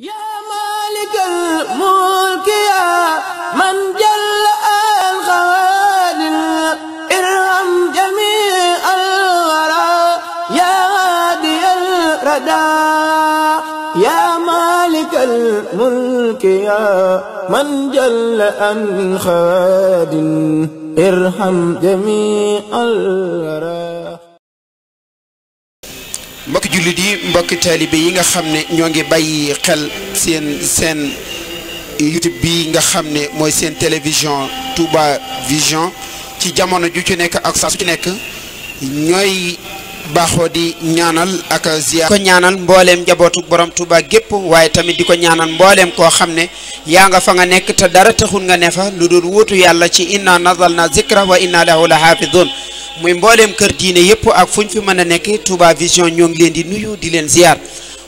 yaa maalikal mulki yaa man jàll al xawaadir irham jamii al waraa yaa haadiyal radaa yaa maalikal mulki yaa man jàll al xawaadir irham jamii al waraa mbokki jullit yi mbokki bi yi nga xam ne ñoo ngi bay xel seen seen YouTube bi nga xam ne mooy seen télévision Touba Vision ci jamono ju ci nekk ak saa su ci nekk ñooy baaxoo di ñaanal ak ziar ko ñaanal mbooleem njabootu borom Touba gépp waaye tamit di ko ñaanal mbooleem koo xam ne yaa nga fa nga nekk te dara taxul nga ne fa lu dul wuutu yàlla ci inna nazal na zikra wa inna lahu la xaafidun muy mbooleem kër diine yëpp ak fu ñu fi mën a nekk Touba Vision ñoo ngi leen di nuyu di leen ziar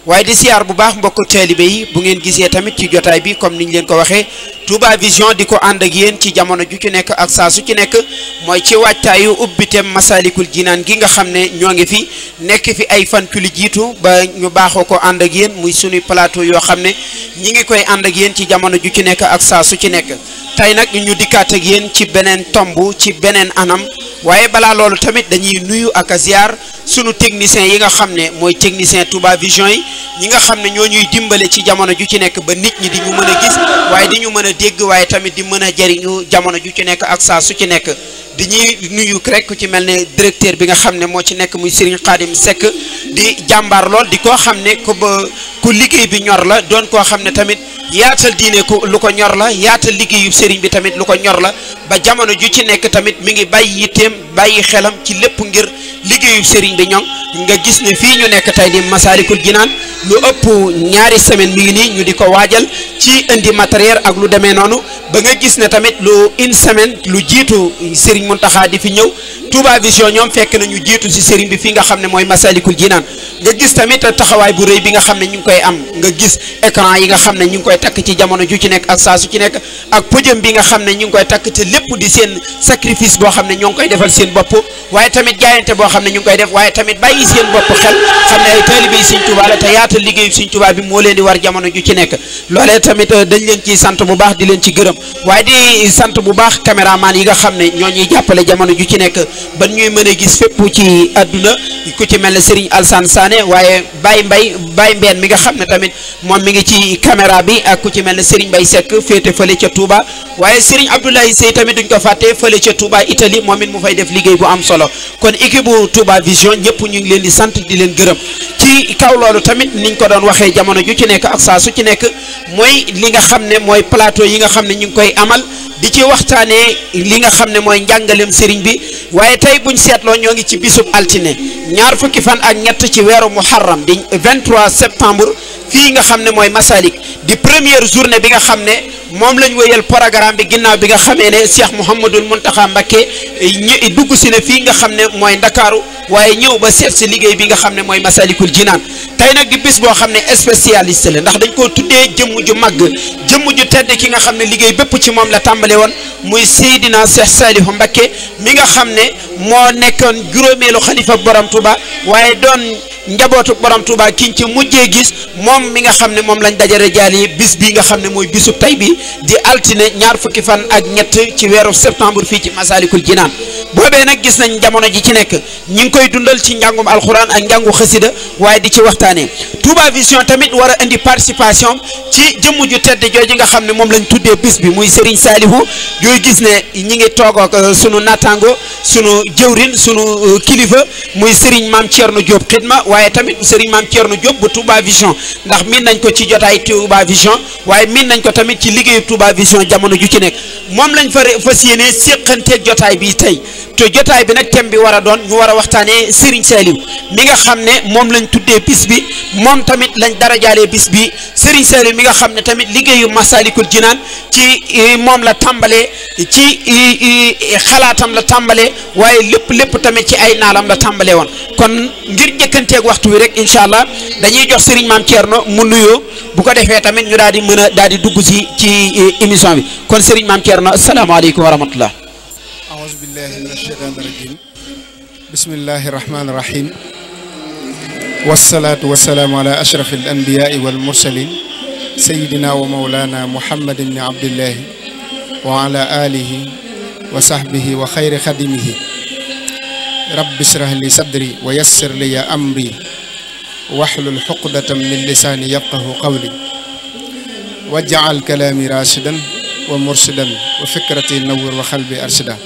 waaye di ziar bu baax mbokk taalibe yi bu ngeen gisee tamit ci jotaay bi comme niñ leen ko waxee Touba Vision di ko àndak ak yéen ci jamono ju ci nekk ak saa su ci nekk mooy ci waajtaayu ubbiteem Masaalikul Jinaan gi nga xam ne ñoo ngi fi nekk fi ay fan ci ba ñu baaxoo ko ànd ak yéen muy sunuy plateau yoo xam ne ñi ngi koy ànd ak yéen ci jamono ju ci nekk ak saa su ci nekk tey nag ñu dikkaat yéen ci beneen tomb ci beneen anam waaye balaa loolu tamit dañuy nuyu ak sunu technicien yi nga xam ne mooy technicien Touba Vision yi ñi nga xam ne ñoo ñuy dimbale ci jamono ju ci nekk ba nit ñi di ñu mën a gis waaye di ñu mën a dégg waaye tamit di mën a jariñu jamono ju ci nekk ak saa su ci nekk di ñuy nuyu rek ku ci mel ne directeur bi nga xam ne moo ci nekk muy Serigne Khadim Seck di jàmbaar lool di koo xam ne ku ba ku liggéey bi ñor la doon koo xam ne tamit yaatal diine ku lu ko ñor la yaatal liggéeyu Serigne bi tamit lu ko ñor la ba jamono ju ci nekk tamit mu ngi bàyyi yitteem bàyyi xelam ci lépp ngir liggéeyu Serigne bi ñoŋ nga gis ne fii ñu nekk tey di Masaalikul naan lu ëpp ñaari semaine mi ngi nii ñu di ko waajal ci indi matériel ak lu demee noonu ba nga gis ne tamit lu une semaine lu jiitu Serigne Serigne Mountakha di fi ñëw Touba Vision ñoom fekk nañu jiitu si sëriñ bi fi nga xam ne mooy Masalikul Jinaan nga gis tamit taxawaay bu rëy bi nga xam ne ñu ngi koy am nga gis écran yi nga xam ne ñu ngi koy takk ci jamono ju ci nekk ak saa su ci nekk ak bi nga xam ne ñu ngi koy takk lépp di seen sacrifice boo xam ne ñoo ngi koy defal seen bopp waaye tamit jaayante boo xam ne ñu ngi koy def waaye tamit bàyyi seen bopp xel xam ne ay taalibe te yaatal liggéeyu Sëriñ bi moo leen di war jamono ju ci nekk loolee tamit euh, dañ leen ciy sant bu baax di leen ci gërëm waaye di sant bu baax caméraman yi nga xam ne ñoo ñuy jàppale jamono ju ci nekk ba ñuy mën a gis fépp ci àdduna ku ci mel ne Serigne Alsane Sané waaye Baye Mbaye Baye mbeen mi nga xam ne tamit moom mi ngi ci caméra bi ak ku ci mel ne Serigne bay sekk féete fële ca Touba waaye Serigne Abdoulaye Sey tamit duñ ko fàtte fële ca Touba Italie moom it mu fay def liggéey bu am solo kon équipe bu Touba Vision ñëpp ñu ngi leen di sant di leen gërëm ci kaw loolu tamit ni ñu ko doon waxee jamono ju ci nekk ak saa su ci nekk mooy li nga xam ne mooy plateau yi nga xam ne ñu ngi koy amal. di ci waxtaanee li nga xam ne mooy njàngaleem sëriñ bi waaye tey buñ seetloo ñoo ngi ci bisub altine ñaar fukki fan ak ñett ci weeru muharram di 23 septembre fii nga xam ne mooy masalik di première journée bi nga xam ne moom lañ wéyal programme bi ginnaaw bi nga xamee ne Cheikh Mouhamadul Mountakha Mbacké eh, ñi dugg si ne fii nga xam ne mooy Ndakaaru waaye ñëw ba seet si liggéey bi nga xam ne mooy Masalikul Jinaan tey nag di bis boo xam ne spécialiste la ndax dañ koo tuddee jëmm ju màgg jëmm ju tedd ki nga xam ne liggéey bépp ci moom la tàmbale woon muy Seydina Cheikh Saliou Mbacké mi nga xam ne moo nekkoon juróomeelu xalifa borom Touba waaye doon njabootu borom Touba kiñ ci mujjee gis moom mi nga xam ne moom lañ dajale jaal yi bii nga xam ne mooy bisu tey bi di altine ñaar fukki fan ak ñett ci weeru septembre fii ci Masalikul Jinaan boobee nag gis nañ jamono ji ci nekk ñi ngi koy dundal ci njàngum alxuraan ak njàngu xasida waaye di ci waxtaanee Touba Vision tamit war a indi participation ci jëmm ju tedd jooju nga xam ne moom lañ tuddee bis bi muy Serigne Salihu yooyu gis ne ñi ngi toog ak euh, sunu nattaango sunu jëwrin sunu euh, kilifa muy Serigne Maam Thierno Diop xidma waaye tamit Serigne Maam Thierno Diop bu Touba Vision ndax miin nañ ko ci jotaay Touba Vision liggéeyu Touba Vision jamono ju ci nekk moom lañ fa fas yéenee séqanteeg jotaay bi tey te jotaay bi nag thème bi war a doon ñu war a waxtaanee Serigne Saliou mi nga xam ne moom lañ tuddee bis bi moom tamit lañ dara jaalee bis bi Serigne Saliou mi nga xam ne tamit liggéeyu Massalikul Jinaan ci moom la tàmbalee ci xalaatam la tàmbalee waaye lépp lépp tamit ci ay naalam la tàmbalee woon kon ngir njëkkanteeg waxtu bi rek incha allah dañuy jox Serigne maam Thierno mu nuyoo ci eh, émission bi kon Serigne Mame Thierno asalaamaaleykum wa rahmatullah aouzu billahi min asheytan irajim bismillahi rahmani rahim wasalaatu wasalaamu ala ashraf al anbiyaai wal mursalin sayidina wa maulana muhammad ibni abdillahi wa ala alihi wa sahbihi wa xayri xadimihi rabbi israh li sadri wa yassir li ya amri wahlul xuqdatam min lisaani yafqahu qawli wajjaal kalaami rachidan wa mursidan wa fikrati nawur wa xalbi arshida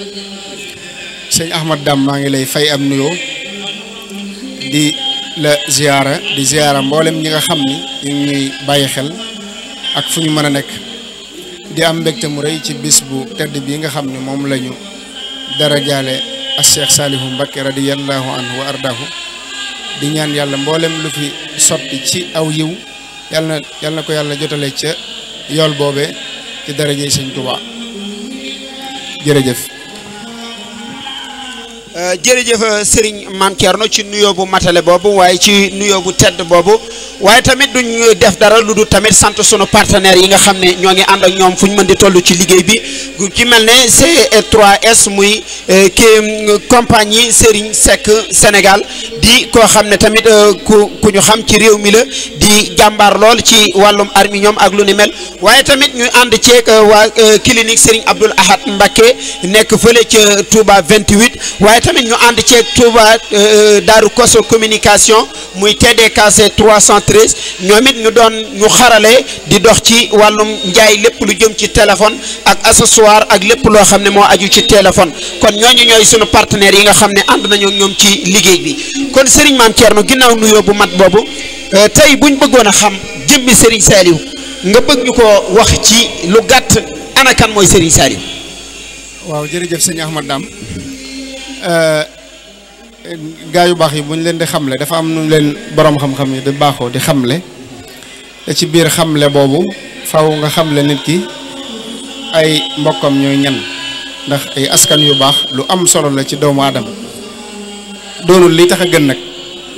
sëñ Ahmad Dam maa ngi lay fay am nuyoo di la ziyaara di ziyaara mboolem ñi nga xam ni ngi ñuy bàyyi xel ak fu ñu mën a nekk di am mbégte mu rëy ci bis bu tedd bii nga xam ne moom la ñu dara jaale a radiyallahu anhu wa ardahu di ñaan yàlla mboolem lu fi sotti ci aw yiw yàlla na yàlla ko yàlla jotale ca yool te dara darajey sëñ Tuubaa jërëjëf Euh, jërëjëf euh, Serigne Mame Thierno ci nuyoo bu matale boobu waaye ci nuyoo bu tedd boobu waaye tamit duñ def dara lu dul tamit sant sunu partenaires yi nga xam ne ñoo ngi ànd ak ñoom fu ñu mën di tollu ci liggéey bi ci mel ne C3S muy euh, kii compagnie Serigne Seck Sénégal di koo xam ne tamit ku ku ñu xam ci réew mi la di jàmbaar lool ci wàllum arminium ak lu ni mel waaye tamit ñu ànd ceeg waa clinique sëriñ Abdoul Ahad Mbacké nekk fële ca Touba waaye. tamit ñu ànd ceeg Touba euh, Darou Kosso communication muy TDKC 313 ñoom it ñu doon ñu xarale di dox ci wàllum njaay lépp lu jëm ci téléphone ak accessoire ak lépp loo xam ne moo aju ci téléphone kon ñooñu ñooy sunu partenaires yi nga xam ne ànd nañoo ñoom ci liggéey bi kon Serigne Mame Thierno ginnaaw nuyoo bu mat boobu euh, tey buñ bëggoon a xam jëmmi Serigne Saliou nga bëgg ñu ko wax ci lu gàtt ana mooy Serigne Saliou. waaw jërëjëf sëñ Ahmad Dame. Euh, gaa yu baax yi bu ñu leen di xamle dafa am nu leen boroom xam-xam yi di baaxoo di xamle te ci biir xamle boobu faw nga xam le nit ki ay mbokkam ñooy ñan ndax ay askan yu baax lu am solo la ci doomu aadama doonul li tax gën nag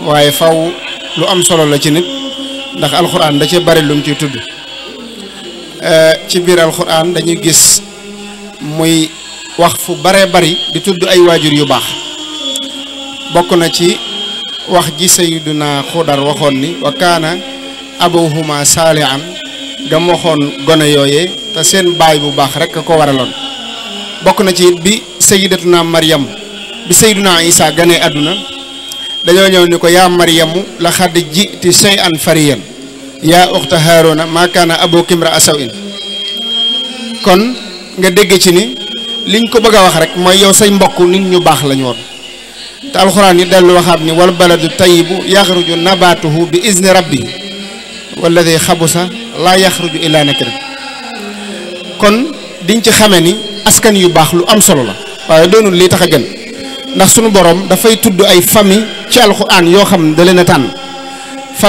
waaye faw lu am solo la ci nit ndax alxuraan da cee bari lum ciy tudd euh, ci biir alxuraan dañuy gis muy wax fu bare bari di tudd ay waajur yu baax bokk na ci wax ji sayyiduna xudar waxoon ni wa kaana abawhuma saalihan gam waxoon gone yooyee te seen baay bu baax rek ko waraloon bokk na ci it bi na maryam bi sayyiduna isa ganee àdduna dañoo ñëw ni ko yaa maryamu la xadd jiti shay'an fariyan yaa uxta haaruna maa kaana abookim ra asaw in kon nga dégg ci ni liñ ko bëgg a wax rek mooy yow say mbokk nit ñu baax lañu woon te alxuraan yi dellu waxaat ni wal baladu tayibu yaxruju nabaatuhu bi izni rabbi walladi xabusa laa yaxruju illaa nakira kon diñ ci xame ni askan yu baax lu am solo la waaye doonul lii tax a gën ndax sunu borom dafay tudd ay famille ci alxuraan yoo xam ne da leen a tànn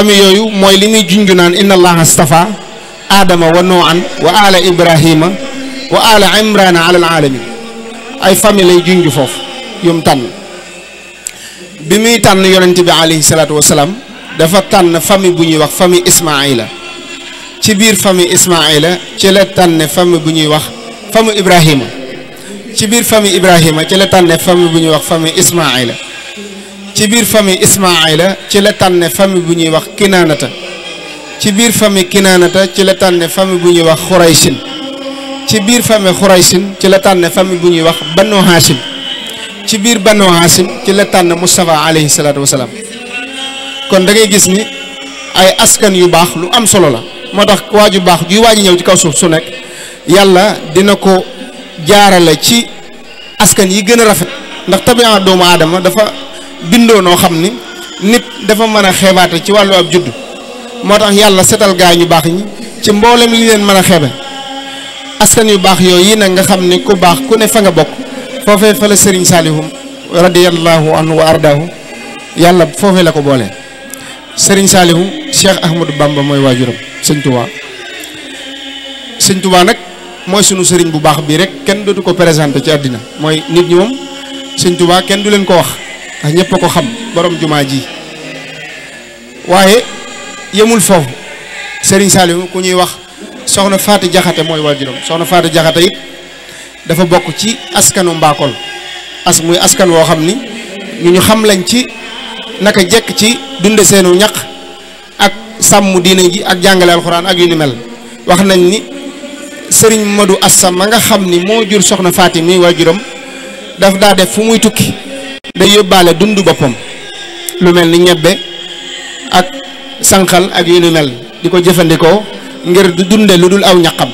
yooyu mooy li muy junju naan inna allaha astafa aadama wa nooan wa ala ibrahima wa ala imrana ala alaalamin ay famille lay junj foofu yum tànn bi muy tànn yonent bi alayhi salaatu wasalaam dafa tànn famille bu ñuy wax famille Ismaayla ci biir famille Ismaayla ci la tànn famille bu ñuy wax famille Ibrahima ci biir famille Ibrahima ci la tànn famille bu ñuy wax famille Ismaayla ci biir famille Ismaayla ci la tànn famille bu ñuy wax Kinaanata ci biir famille Kinaanata ci la tànn famille bu ñuy wax Xuraysin ci biir famille Xuraysin ci la tànn famille bu ñuy wax Banu Haasim ci biir Banu Haasim ci la tànn Moustapha alayhi salaatu wasalaam kon da ngay gis ni ay askan yu baax lu am solo la moo tax waa ju baax juy waaji ñëw ci kaw suuf su nekk yàlla dina ko jaarale ci askan yi gën a rafet ndax tabiaa doomu aadama dafa bindoo noo xam ni nit dafa mën a xeebaate ci wàllu ab judd moo tax yàlla setal gaa ñu baax ñi ci mboolem li leen mën a xeebe askan yu baax yooyu nag nga xam ne ku baax ku ne fa nga bokk foofee fa la sëriñ Saalihu radiyallahu anhu wa ardaahu yàlla foofee la ko boole sëriñ Saalihu Cheikh Ahmadou Bamba mooy waajuram sëñ Touba sëñ Touba nag mooy sunu sëriñ bu baax bii rek kenn dootu ko présenté ci àddina mooy nit ñi moom sëñ Touba kenn du leen ko wax ndax ñëpp ko xam boroom jumaa ji waaye yemul foofu sëriñ Saalihu ku ñuy wax. soxna faati jaxate mooy waajuram soxna faati jaxate it dafa bokk ci askanu mbaakol as muy askan woo xam ni ñu ñu xam lañ ci naka jekk ci dunde seenu ñaq ak sàmm diine ji ak jàngale alxuraan ak yu ni mel wax nañ ni sëriñ Modou Assa ma nga xam ni moo jur soxna faati muy waajuram daf daa def fu muy tukki day yóbbaale dundu boppam lu mel ni ñebbe ak sànqal ak yu ni mel di ko jëfandikoo ngir du dunde lu dul aw ñaqam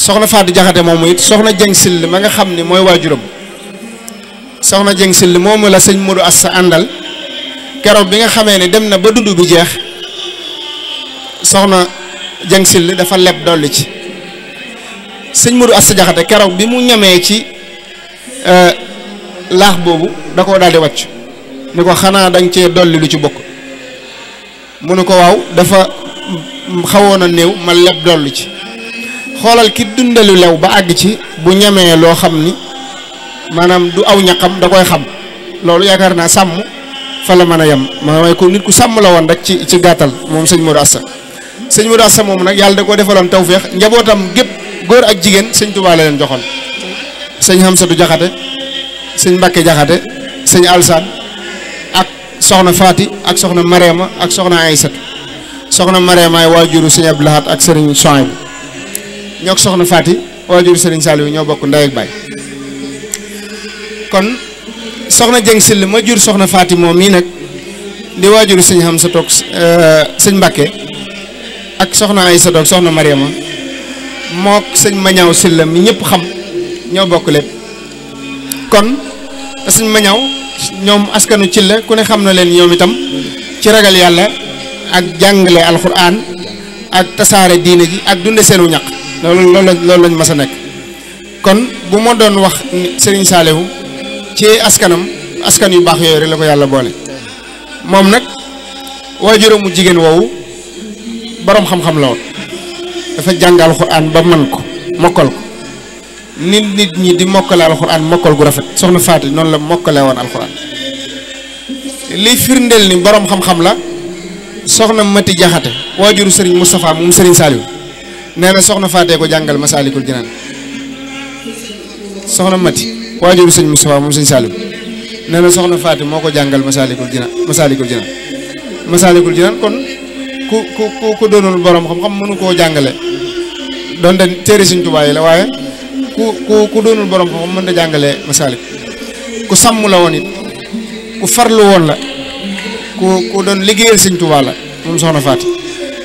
soxna Fatou Jaxate moomu it soxna Jeng Sill ma nga xam ni mooy waajuram soxna Jeng Sill moomu la sëñ Modou Assa àndal keroog bi nga xamee ne dem na ba dund bi jeex soxna Jeng Sill dafa leb dolli ci sëñ Modou Assa Jaxate keroog bi mu ñamee ci euh, laax boobu da koo daal waccu ni ko xanaa dañ cee dolli lu ci bokk mu ne ko waaw dafa xawoon a néew ma leb dollu ci xoolal ki dundelu lew ba àgg ci bu ñamee loo xam ni maanaam du aw ñaqam da koy xam loolu yaakaar naa sàmm fa la mën a yem ma waaye ko nit ku sàmm la woon rek ci ci gàttal moom sëñ Modou Asta sëñ Modou Asta moomu nag yàlla da ko defaloon tawféex njabootam gépp góor ak jigéen sëñ Touba la leen joxoon sëñ Hamsatu Jaxate sëñ Mbàkke Jaxate sëñ Alsaan soxna Faati ak soxna Mariama ak soxna Aysatu soxna Mariama ay waajuru sëñ Abdou Lahat ak sëriñ Sohayb ñoo ko soxna Faati waajuru sëriñ Saliou ñoo bokk ndey ak soxna Jëng Sill ma jur soxna Faati moom mii nag di waajuru sëñ Hamsa toog euh, sëñ Mbàkke ak soxna Aysatu ak soxna Mariama mook sëñ Mañaw Sill mi ñëpp xam ñoo bokk lépp kon sëñ Mañaw ñoom askanu ci la ku ne xam na leen ñoom itam ci ragal yàlla ak jàngale alxuraan ak tasaare diine ji ak dunde seenu ñaq loolu loolu loolu lañ mas a nekk kon bu ma doon wax Serigne Saliou ci askanam askan yu baax yooyu rek la ko yàlla boole moom nag waajuramu jigéen woowu boroom xam-xam la woon dafa jàng alxuraan ba man ko mokkal ko nit nit ñi di mokkale alxuraan mokkal gu rafet soxna Faati noonu la mokkale woon alxuraan liy firndeel ni boroom xam-xam la soxna Mati Jaxate waajuru sëriñ mustafaa moom Serigne Saliou nee na soxna Faatee ko jàngal Masaalikul Jinaan Mati waajuru Serigne Moustapha moom Serigne Saliou nee na soxna Faati moo ko jàngal Masaalikul Jinaan Masaalikul Jinaan Masaalikul Jinaan kon ku ku ku doonoon boroom xam-xam mënu koo jàngale donte téere Serigne Touba la waaye. ku ku ku doonul borom xam mën da jàngale masaalik ku sàmm la woon it ku farlu woon la ku ku doon liggéeyal sëñ Tuubaa la moom soxna Faati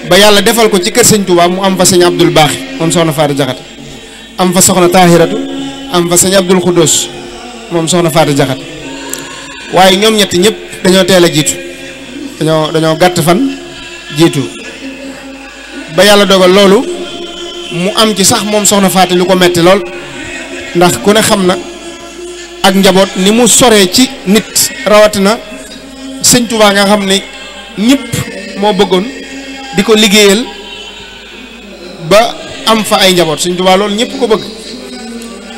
ba yàlla defal ko ci kër sëñ Tuubaa mu am fa sëñ Abdul Baaxi moom soxna Faati Jaxate am soxna Taahiratu sëñ Abdul Xuddoos moom soxna Faati Jaxate waaye ñoom ñett ñëpp dañoo teel a jiitu dañoo dañoo gàtt fan jiitu ba yàlla dogal loolu mu am ci sax moom soxna Faati lu ko metti lool ndax ku ne xam na ak njaboot ni mu soree ci nit rawatina sëñ Touba nga xam ne ñépp moo bëggoon di ko liggéeyal ba am fa ay njaboot sëñ Touba loolu ñëpp ko bëgg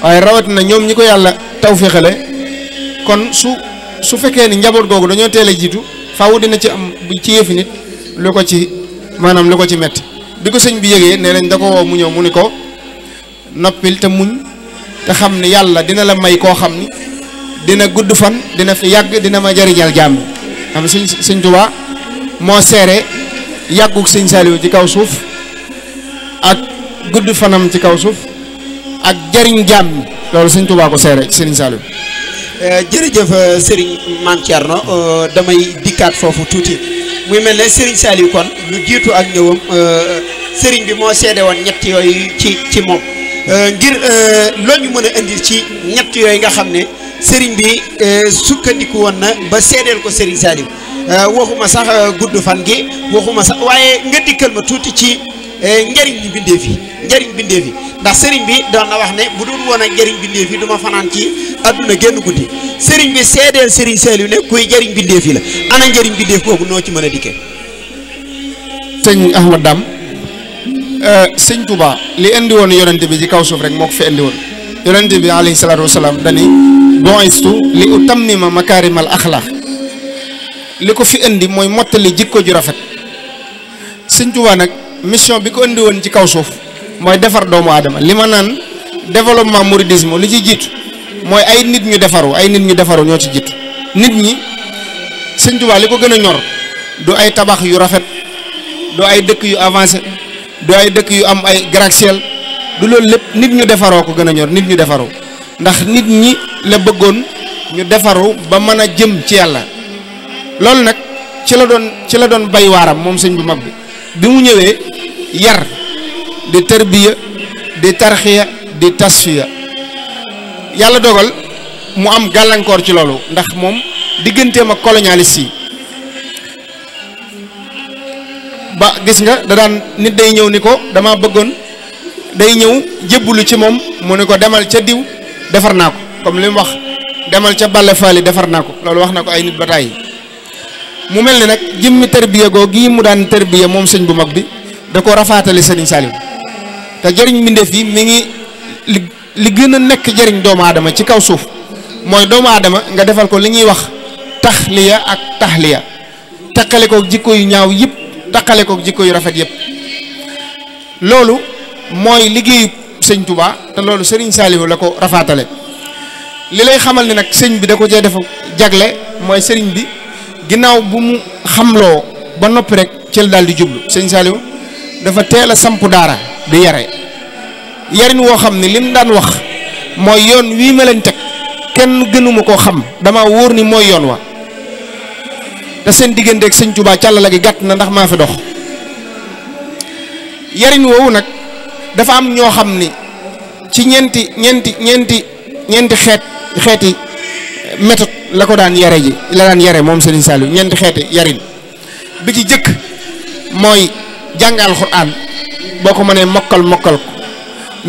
waaye rawatina ñoom ñi ko yàlla tawféexale kon su su fekkee ni njaboot googu dañoo teel a jiitu faaw dina ci am ci yëfi nit lu ko ci maanaam lu ko ci metti di ko sëñ bi yëgee nee nañ da ko woo mu ñëw mu ni ko noppil te muñ te xam ni yàlla dina la may koo xam ni dina gudd fan dina fi yàgg dina ma jariñal jàmm xam sëñ sëñ Tuubaa moo seere yàggug sëñ Saaliw ci kaw suuf ak gudd fanam ci kaw suuf ak jariñ jàmm loolu sëñ Tuubaa ko seere ci sëriñ Saaliw eh, jërëjëf eh, sëriñ Maam Thierno eh, damay dikkaat foofu tuuti muy mel ne sëriñ Saaliw kon lu jiitu ak ñëwam sëriñ bi moo seede woon ñett yooyu ci ci moom Euh, ngir euh, loolu ñu mën a indil ci ñett yooyu nga xam ne sëriñ bi euh, sukkandiku woon na ba sedeel ko sëriñ Saliou waxuma sax gudd fan gi waxuma sax waaye nga dikkal ma tuuti ci njariñ bi bindee fi njariñ bindee fi ndax sëriñ bi doon na wax ne bu dul woon ak njariñ bindee fi du fanaan ci adduna génn guddi sëriñ bi seedeel sëriñ Saliou ne kuy njariñ bindee fi la ana njariñ bindee fi kooku noo ci mën a dikkee sëñ Ahmad Dam Euh, sëñ Touba li indi woon yonent bi ci kaw suuf rek moo ko fi indi woon yonent bi alayhi salaatu wasalaam dani ma li utammima makaarimal axlaaq li ko fi indi mooy mottali jikko ju rafet sëñ Touba nag mission bi ko indi woon ci kaw suuf mooy defar doomu aadama li ma naan développement mouridisme li ci jiitu mooy ay nit ñu defaru ay nit ñu defaru ñoo ci jiitu nit ñi sëñ Touba li ko gën a ñor du ay tabax yu rafet du ay dëkk yu avancé du ay dëkk yu am ay gratte du loolu lépp nit ñu defaroo ko gën a ñor nit ñu defaroo ndax nit ñi la bëggoon ñu defaru ba mën a jëm ci yàlla loolu nag ci la doon ci la doon bay waaram moom sëñ bu mag bi bi mu ñëwee yar di tërbiya di tarxiya di tasfiya yàlla dogal mu am gàllankoor ci loolu ndax moom digganteem ak colonialiste yi ba gis nga da daan nit day ñëw ni ko dama bëggoon day ñëw jébbalu ci moom mu ni ko demal ca diw defar naa ko comme li mu wax demal ca Balla defar naa ko loolu wax na ko ay nit ba tàyyi mu mel ni nag jëmmi tërbiya goo gii mu daan tërbiya moom sëñ bu mag bi da ko rafaatale sëriñ Saliou te jëriñ mbindeef yi mi ngi li li gën a nekk jëriñ doomu aadama ci kaw suuf mooy doomu aadama nga defal ko li ñuy wax taxliya ak taxliya teqale ko jikko yu ñaaw yëpp taqale ko jikko yu rafet yëpp loolu mooy liggéeyu sëñ Touba te loolu sëriñ Saliou la ko rafaatale li lay xamal ne nag sëñ bi da ko cee def jagle mooy sëriñ bi ginnaaw bu mu xam xamloo ba noppi rek cël daal di jublu sëñ Saliou dafa teel a samp daara di yare yarin woo xam ne lim daan wax mooy yoon wii ma leen teg kenn gënuma koo xam dama wóor ni mooy yoon wa te seen diggante ak sëñ Tuubaa càllala gi gàtt na ndax maa fi dox yariñ woowu nag dafa am ñoo xam ni ci ñeenti ñeenti ñeenti ñeenti xeet xeeti méthode la ko daan yare ji la daan yare moom Serigne Saliou ñeenti xeeti yarin bi ci jëkk mooy jàng alxuraan boo ko mënee mokkal mokkal ko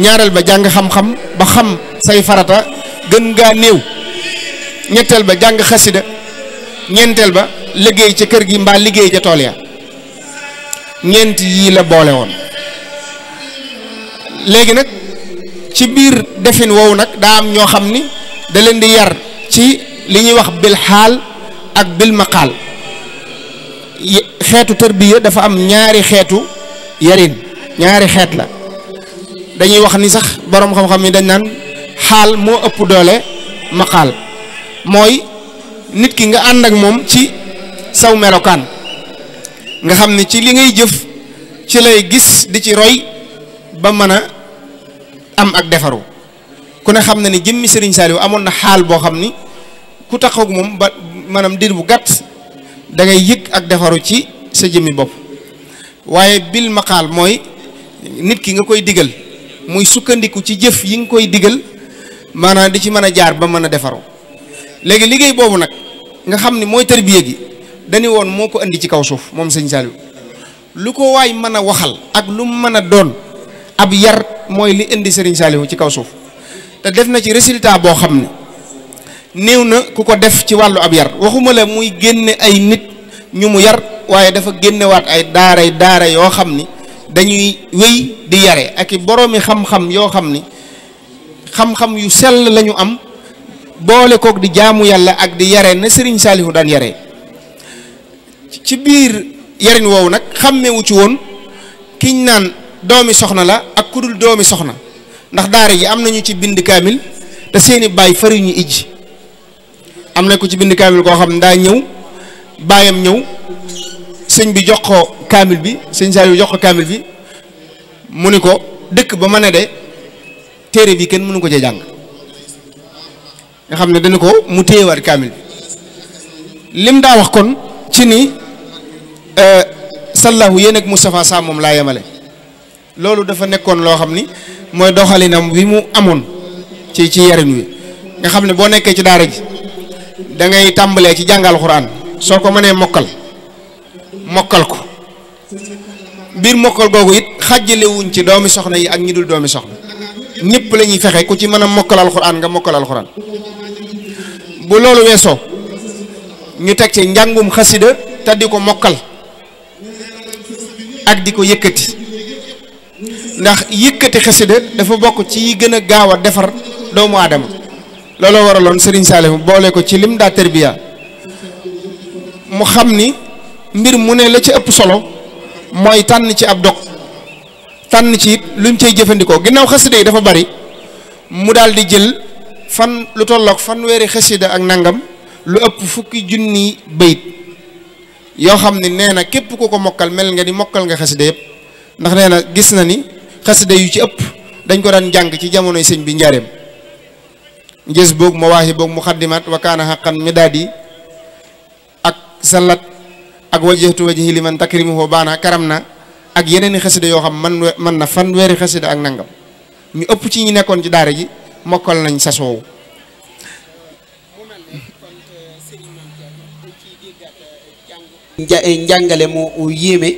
ñaareel ba jàng xam-xam ba xam say farata gën ngaa néew ñetteel ba jàng xasida ñeenteel ba liggéey ca kër gi mbaa liggéey ca tool ya ñeent yii la boole woon léegi nag ci biir defin woowu nag daa am ñoo xam ni da leen di yar ci li ñuy wax bil xaal ak bil maqaal xeetu tarbiya dafa am ñaari xeetu yarin ñaari xeet la dañuy wax ni sax boroom xam-xam yi dañ naan xaal moo ëpp doole maqaal mooy nit ki nga ànd ak moom ci saw melokaan nga xam ne ci li ngay jëf ci lay gis di ci roy ba mën a am ak defaru ku ne xam na ne jëmmi sëriñ Saliou amoon na xaal boo xam ni ku taxaw ak moom ba maanaam diir bu gàtt da ngay yëg ak defaru ci sa jëmmi bopp waaye bil maqaal mooy nit ki nga koy digal muy sukkandiku ci jëf yi nga koy digal maanaam di ci mën a jaar ba mën a defaru léegi liggéey boobu nag nga xam ni mooy tarbiya gi dañu woon moo ko indi ci kaw suuf moom sëñ Saliou lu ko waay mën a waxal ak lu mu mën a doon ab yar mooy li indi sëriñ Saliou ci kaw suuf te def na ci résultat boo xam ne néew na ku ko def ci wàllu ab yar waxuma la muy génne ay nit ñu mu yar waaye dafa génnewaat ay daaray daara yoo xam ni dañuy wéy di yare ak i boroomi xam-xam yoo xam ni xam-xam yu sell lañu am boole kook di jaamu yàlla ak di yare na sëriñ Saliou daan yare ci biir yarin woowu nag xàmmewu ci woon kiñ naan doomi soxna la ak ku dul doomi soxna ndax daare ji am nañu ci bind kaamil te seeni baay fari ñu ijji am na ko ci bind kaamil xam ne daa ñëw baayam ñëw sëñ bi jox ko kaamil bi sëñ jox ko kaamil bi mu ni ko dëkk ba ma ne de téere bi kenn mënu ko cee jàng nga xam ne dana ko mu téyewaat kaamil bi lim daa wax kon ci ni euh, sallahu yéen ak Moustapha Sam moom laa yemale loolu dafa nekkoon loo xam ni mooy doxalinam wi mu amoon ci ci yarin wi nga xam ne boo nekkee ci daara ji dangay tàmbalee ci jàngal xuraan soo ko mënee mokkal mokkal ko biir mokkal googu it xàjjalewuñ ci doomi soxna yi ak ñi dul doomi soxna ñëpp la ñuy fexe ku ci mën a mokkal alxuraan nga mokkal alxuraan bu loolu weesoo ñu teg ci njàngum xasida te di ko mokkal ak di ko yëkkati ndax yëkkati xasida dafa bokk ci yi gën a gaaw a defar doomu aadama looloo waraloon Serigne Saliou boole ko ci lim daa tërbiya mu xam ni mbir mu ne la ci ëpp solo mooy tànn ci ab dog tànn ci it luñ cay jëfandikoo ginnaaw xasida yi dafa bari mu dal di jël fan lu tolloog fanweeri xasida ak nangam. lu ëpp fukki junni bayit yoo xam ne nee na képp ku ko mokkal mel nga ni mokkal nga xasida yëpp ndax nee gis na ni xasida yu ci ëpp dañ ko daan jàng ci jamonoy sëñ bi njaareem njës boog ma waaxi boog mu xaddimaat wakaana xaqan midaadi ak lat ak wajjahtu wajhi liman takrimuhu baana karam na ak yeneeni xasida yoo xam man man na fanweeri xasida ak nangam ñu ëpp ci ñu nekkoon ci daara ji mokkal nañ sasoowu Eh, njàngale mu yéeme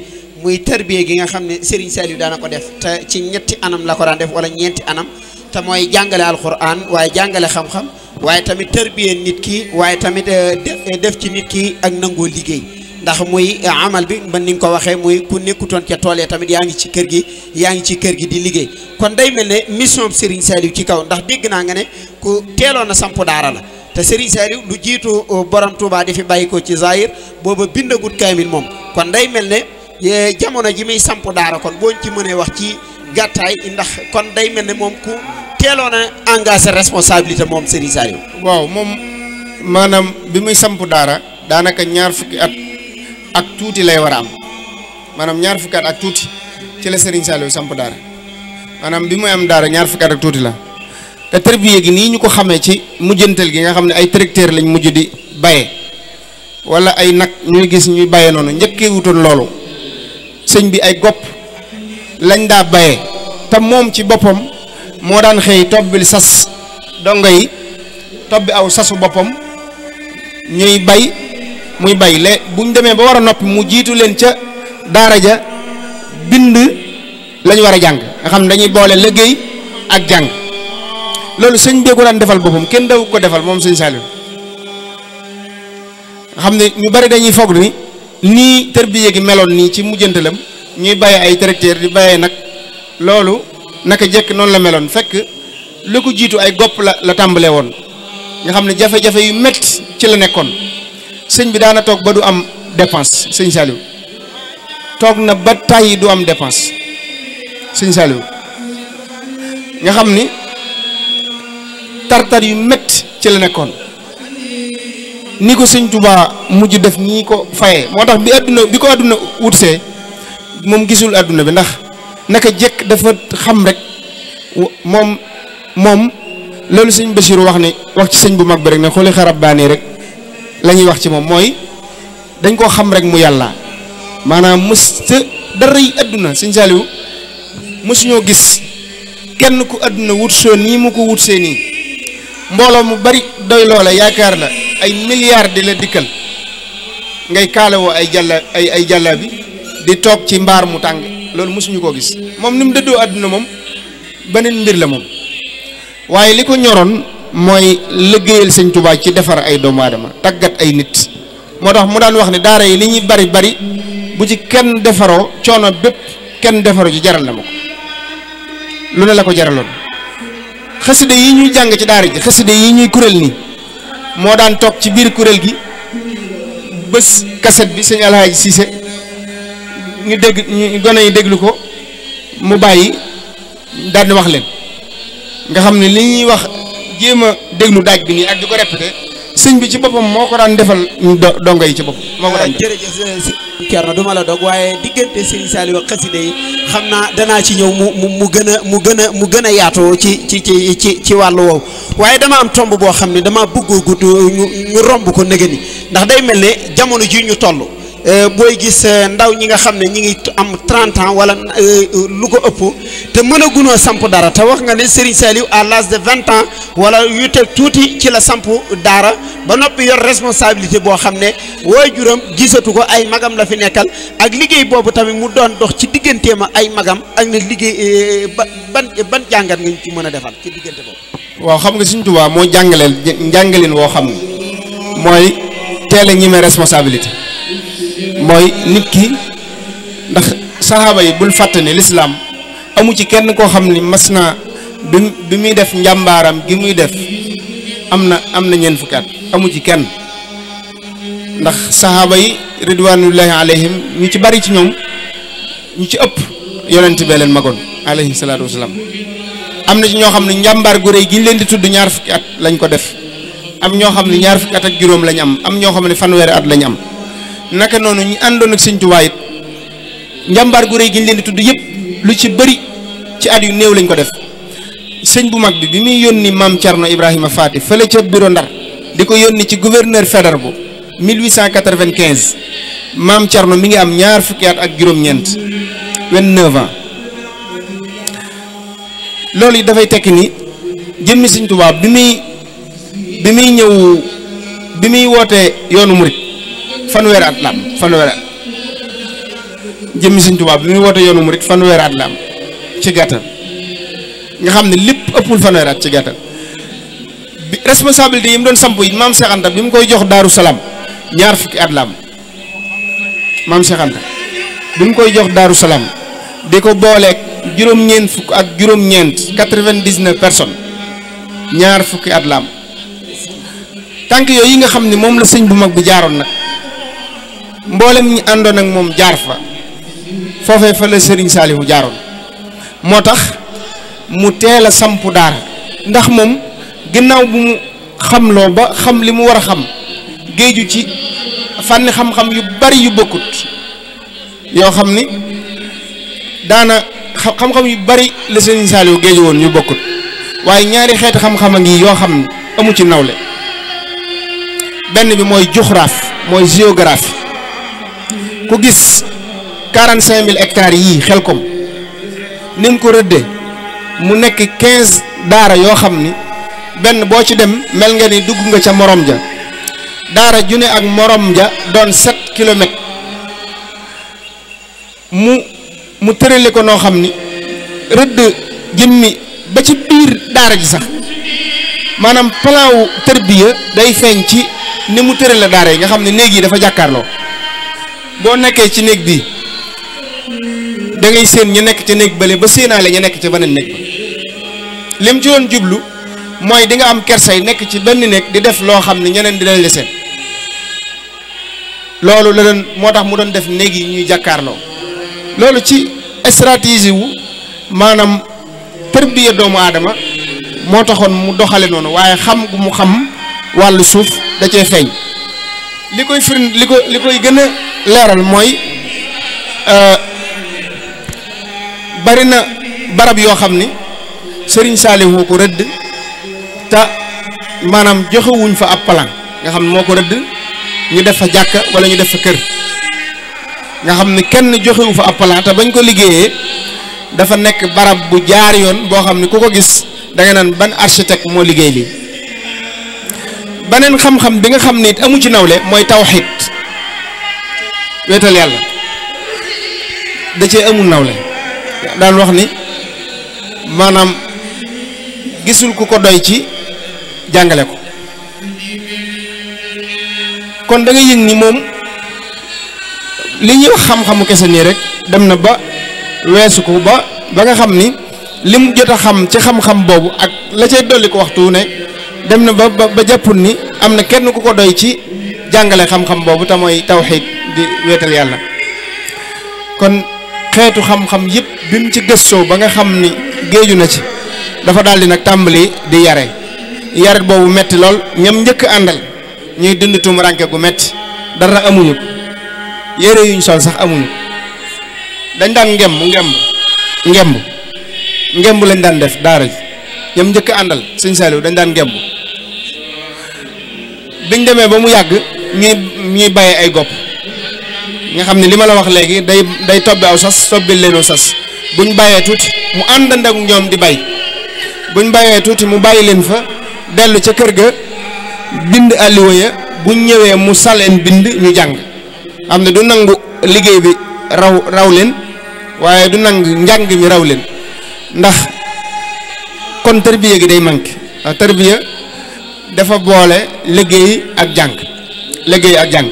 muy tarbiya gi nga xam ne Serigne Saliou daana ko def te ci ñetti anam la ko daan def wala ñeenti anam te mooy jàngale alquran waaye jàngale xam-xam waaye tamit tarbiya nit ki waaye tamit eh, eh, def ci nit ki ak nangoo liggéey ndax muy amal bi man ni ko waxee muy ku nekkutoon ca tool tamit yaa ngi ci kër gi yaa ngi ci kër gi di liggéey kon day mel ne mission Serigne Saliou ci kaw ndax dégg naa nga ne ku teeloon na samp daara la. te Serigne Saliou lu jiitu uh, borom Touba di fi bàyyi ko ci Zahir booba bindagut kaamil moom kon day mel ne jamono ji muy samp daara kon boo ci mënee wax ci gàttaay ndax kon day mel ne moom ku teeloon a responsabilité moom Serigne yi waaw moom maanaam bi muy samp daara daanaka ñaar fukki at ak tuuti lay war a am maanaam ñaar fukki ak ci la Serigne Saliou samp maanaam bi muy am daara ñaar fukki at ak tuuti la. te tarbiya gi nii ñu ko xamee ci mujjantal gi nga xam ne ay tracteur lañ mujj di baye walla ay nag ñuy gis ñuy baye noonu njëkkee wutoon loolu sëñ bi ay gopp lañ daa baye te moom ci boppam moo daan xëy tobbil sas dongo yi tobbi aw sasu boppam ñuy bay muy bay le buñ demee ba war a noppi mu jiitu leen ca daara ja bind lañ war a jàng nga xam ne dañuy boole liggéey ak jàng loolu sëñ bee ko daan defal boppam kenn daw ko defal moom sëñ Saliou xam ne ñu bari dañuy foog ni nii bi gi meloon nii ci mujjantalam ñuy bàyyi ay tracteur di bàyyee nag loolu naka jekk noonu la meloon fekk lu ko jiitu ay gopp la la tàmbalee woon nga xam ne jafe-jafe yu metti ci la nekkoon sëñ bi daana toog ba du am dépense sëñ Saliou toog na ba tàyyi du am dépense sëñ Saliou nga xam ni tartar yu métti ci la nekkoon ni ko sëñ Touba mujj def nii ko fayee moo tax bi àdduna bi ko àdduna wutsee moom gisul àdduna bi ndax naka jekk dafa xam rek moom moom loolu sëñ Bachir wax ne wax ci sëñ bu mag bi rek ne xooli xarab baani rek la ñuy wax ci moom mooy dañ koo xam rek mu yàlla maanaam mës dara yi àdduna sëñ Saliou mësuñoo gis kenn ku àdduna wut soo nii mu ko wutsee nii mbooloo mu bari doy loola yaakaar la ay milliards di la dikkal ngay kaalawoo ay jàlla ay ay jàlla bi di toog ci mbaar mu tàng loolu mosuñu koo gis moom ni mu dëddoo àdduna moom beneen mbir la moom waaye li ko ñoroon mooy liggéeyal sëñ tubaay ci defar ay doomu aadama tàggat ay nit moo tax mu daan wax ne daara yi li ñuy bari bari bu ci kenn defaroo coono bépp kenn defaroo ci jaral na ma ko lu ne la ko jaraloon xasida yi ñuy jàng ci daara ji xasida yi ñuy kuréel nii moo daan toog ci biir kuréel gi bés kaset bi sëñ Alhaaji Siise ñu dégg ñu gone yi déglu ko mu bàyyi daal di wax leen nga xam ne li ñuy wax jéem a déglu daaj bi nii ak di ko répété sëñ bi ci boppam moo ko daan defal dongo yi ci boppam moo ko daan ah, defal jërëjëf Thierno du ma la dog waaye diggante Serigne Saliou xaside yi xam naa danaa ci ñëw mu mu gën a mu gën a mu gën a yaatoo ci ci ci ci ci wàllu woowu waaye dama am tomb boo xam ne dama bëggoo gudd ñu romb ko nëgëni ndax day mel ne jamono ji ñu toll Euh, booy gis euh, ndaw ñi nga xam ne ñi ngi am 30 ans wala euh, lu ko ëpp te mën a gunoo samp dara te wax nga ne Serigne Saliou à l'âge de vingt ans wala yu teg tuuti ci la samp daara ba noppi yor responsabilité boo xam ne waajuram gisatu ko ay magam la fi nekkal ak liggéey boobu tamit mu doon dox ci ma ay magam ak na liggéey ba ban ban jàngat nga ci mën a defal ci diggante boobu. waaw xam nga Serigne Touba moo jàngaleel njàngaleen woo xam ne mooy teel a ñeme responsabilité. mooy nit ki ndax saxaaba yi bul fàtte lislaam amu ci kenn koo xam ni mas naa bi muy def njàmbaaram gi muy def am na am na ñeent fukki at amu ci kenn ndax saxaaba yi ridwanullahi alayhim ñu ci bari ci ñoom ñu ci ëpp yonent bee leen magoon alayhi salaatu wasalaam am na ci ñoo xam ne njàmbaar gu réy gi leen di tudd ñaar fukki at lañ ko def am ñoo xam ne ñaar fukki at ak juróom lañ am am ñoo xam ne fanweeri at lañ am naka noonu ñu àndoon ak sëñ Tuubaa it njàmbaar gu rëy gi ñu leen tudd yëpp lu ci bëri ci at yu néew lañ ko def sëñ bu mag bi bi muy yónni maam Thierno Ibrahima Faty fële ca bureau Ndar di ko yónni ci gouverneur Faidherbe 1895 maam Thierno mi ngi am ñaar fukki ak juróom-ñeent 29 ans loolu it dafay tekki ni jëmmi sëñ Tuubaa bi muy bi muy ñëw bi muy wootee yoonu murit fanweeri at la am fanweeri at jëmmi Sëñ Tuubaa bi muy yoonu mu fanweeri at la ci gàttal nga xam ne lépp ëppul fanweeri ci gàttal bi responsabilité yi mu doon samp yi maam Cheikh Anta bi mu koy jox Daaru Salaam ñaar fukki at la am maam Cheikh Anta bi mu koy jox Daaru Salaam di ko booleeg juróom-ñeent fukk ak juróom-ñeent quatre-vingt-dix-neuf personnes ñaar fukki at la am tànk yooyu nga xam ne moom la sëñ bu mag bi jaaroon nag. mboole mboolem ñu àndoon ak moom jaar fa foofee fa la Serigne Saliou jaaroon moo tax mu teel a sampu daara ndax moom ginnaaw bu mu loo ba xam li mu war a xam géeju ci fànni xam-xam yu bari yu bokkut yoo xam ni daana xam-xam yu bari la Serigne Saliou géeju woon yu bokkut waaye ñaari xeeti xam-xam a ngi yoo xam amu ci nawle benn bi mooy juxraaf mooy géographie ku gis 45000 hectares yii Xelkom ni mu ko rëdde mu nekk 15 daara yoo xam ni benn boo ci dem mel nga ni dugg nga ca moroom ja daara ju ne ak morom ja doon 7 kilomètres mu mu tërale ko noo xam ni rëdd jëmmi ba ci biir daara ji sax maanaam plan wu tërbiya day feeñ ci ni mu tërale daara yi nga xam ne néeg yi dafa jàkkaarloo. boo nekkee ci néeg bi da séen ñu nekk ca néeg bële ba séenaale ñu nekk ca beneen néeg ba lim ci doon jublu mooy di nga am kersay nekk ci benn néeg di def loo xam ne ñeneen di la seen loolu la doon moo tax mu doon def néeg ñuy jàkkaarloo loolu ci stratégie wu maanaam tërbiya doomu aadama moo taxoon mu doxale noonu waaye xam gu mu xam wàllu suuf da cee feeñ li koy firin li ko li koy gën leeral mooy euh, bari na barab yoo xam ni sëriñ Saalihu ko rëdd te maanaam joxewuñ fa ab plan nga xam ne moo ko rëdd ñu def fa jàkk wala ñu def fa kër nga xam ne kenn joxewu fa ab plan te bañ ko liggéeyee dafa nekk barab bu jaar yoon boo xam ne ku ko gis da nga naan ban architecte moo liggéey lii beneen xam-xam bi nga xam ne amu ci nawle mooy tawxiid wetal yàlla da cee amul nawle daan wax ni maanaam gisul ku ko doy ci jàngale ko kon da nga yëg ni moom li ñuy xam-xamu kese nii rek dem na ba weesu ko ba ba nga xam ni li mu jot a xam ci xam-xam boobu ak la cay dolli ko waxtu ne dem na ba ba jàppul ni am na kenn ku ko doy ci jàngale xam-xam boobu te mooy tawxiid di wéetal yàlla kon xeetu xam-xam yëpp bi mu ci gëstoo ba nga xam ni géeju na ci dafa daal di nag tàmbali di yare yar boobu metti lool ñam njëkk àndal ñuy dund tuum ranke gu metti dara amuñu ko yére yuñ sol sax amuñu dañ daan ngemb ngemb ngemb ngemb lañ daan def daara ji ñam njëkk àndal sëñ Saliou dañ daan ngemb biñ demee ba mu yàgg ñuy ñuy bàyyi ay gopp nga xam ne li ma la wax léegi day day tobbi aw sas tobbil leen sas buñ bàyyee tuuti mu ànd ak ñoom di bay buñ bàyyee tuuti mu bàyyi leen fa dellu ca kër ga bind alliwa ya buñ ñëwee mu saleen bind ñu jàng xam ne du nangu liggéey bi raw raw leen waaye du nangu njàng bi raw leen ndax kon tërbiya gi day manqué waaw tërbiya dafa boole liggéey ak jàng léggéey ak jàng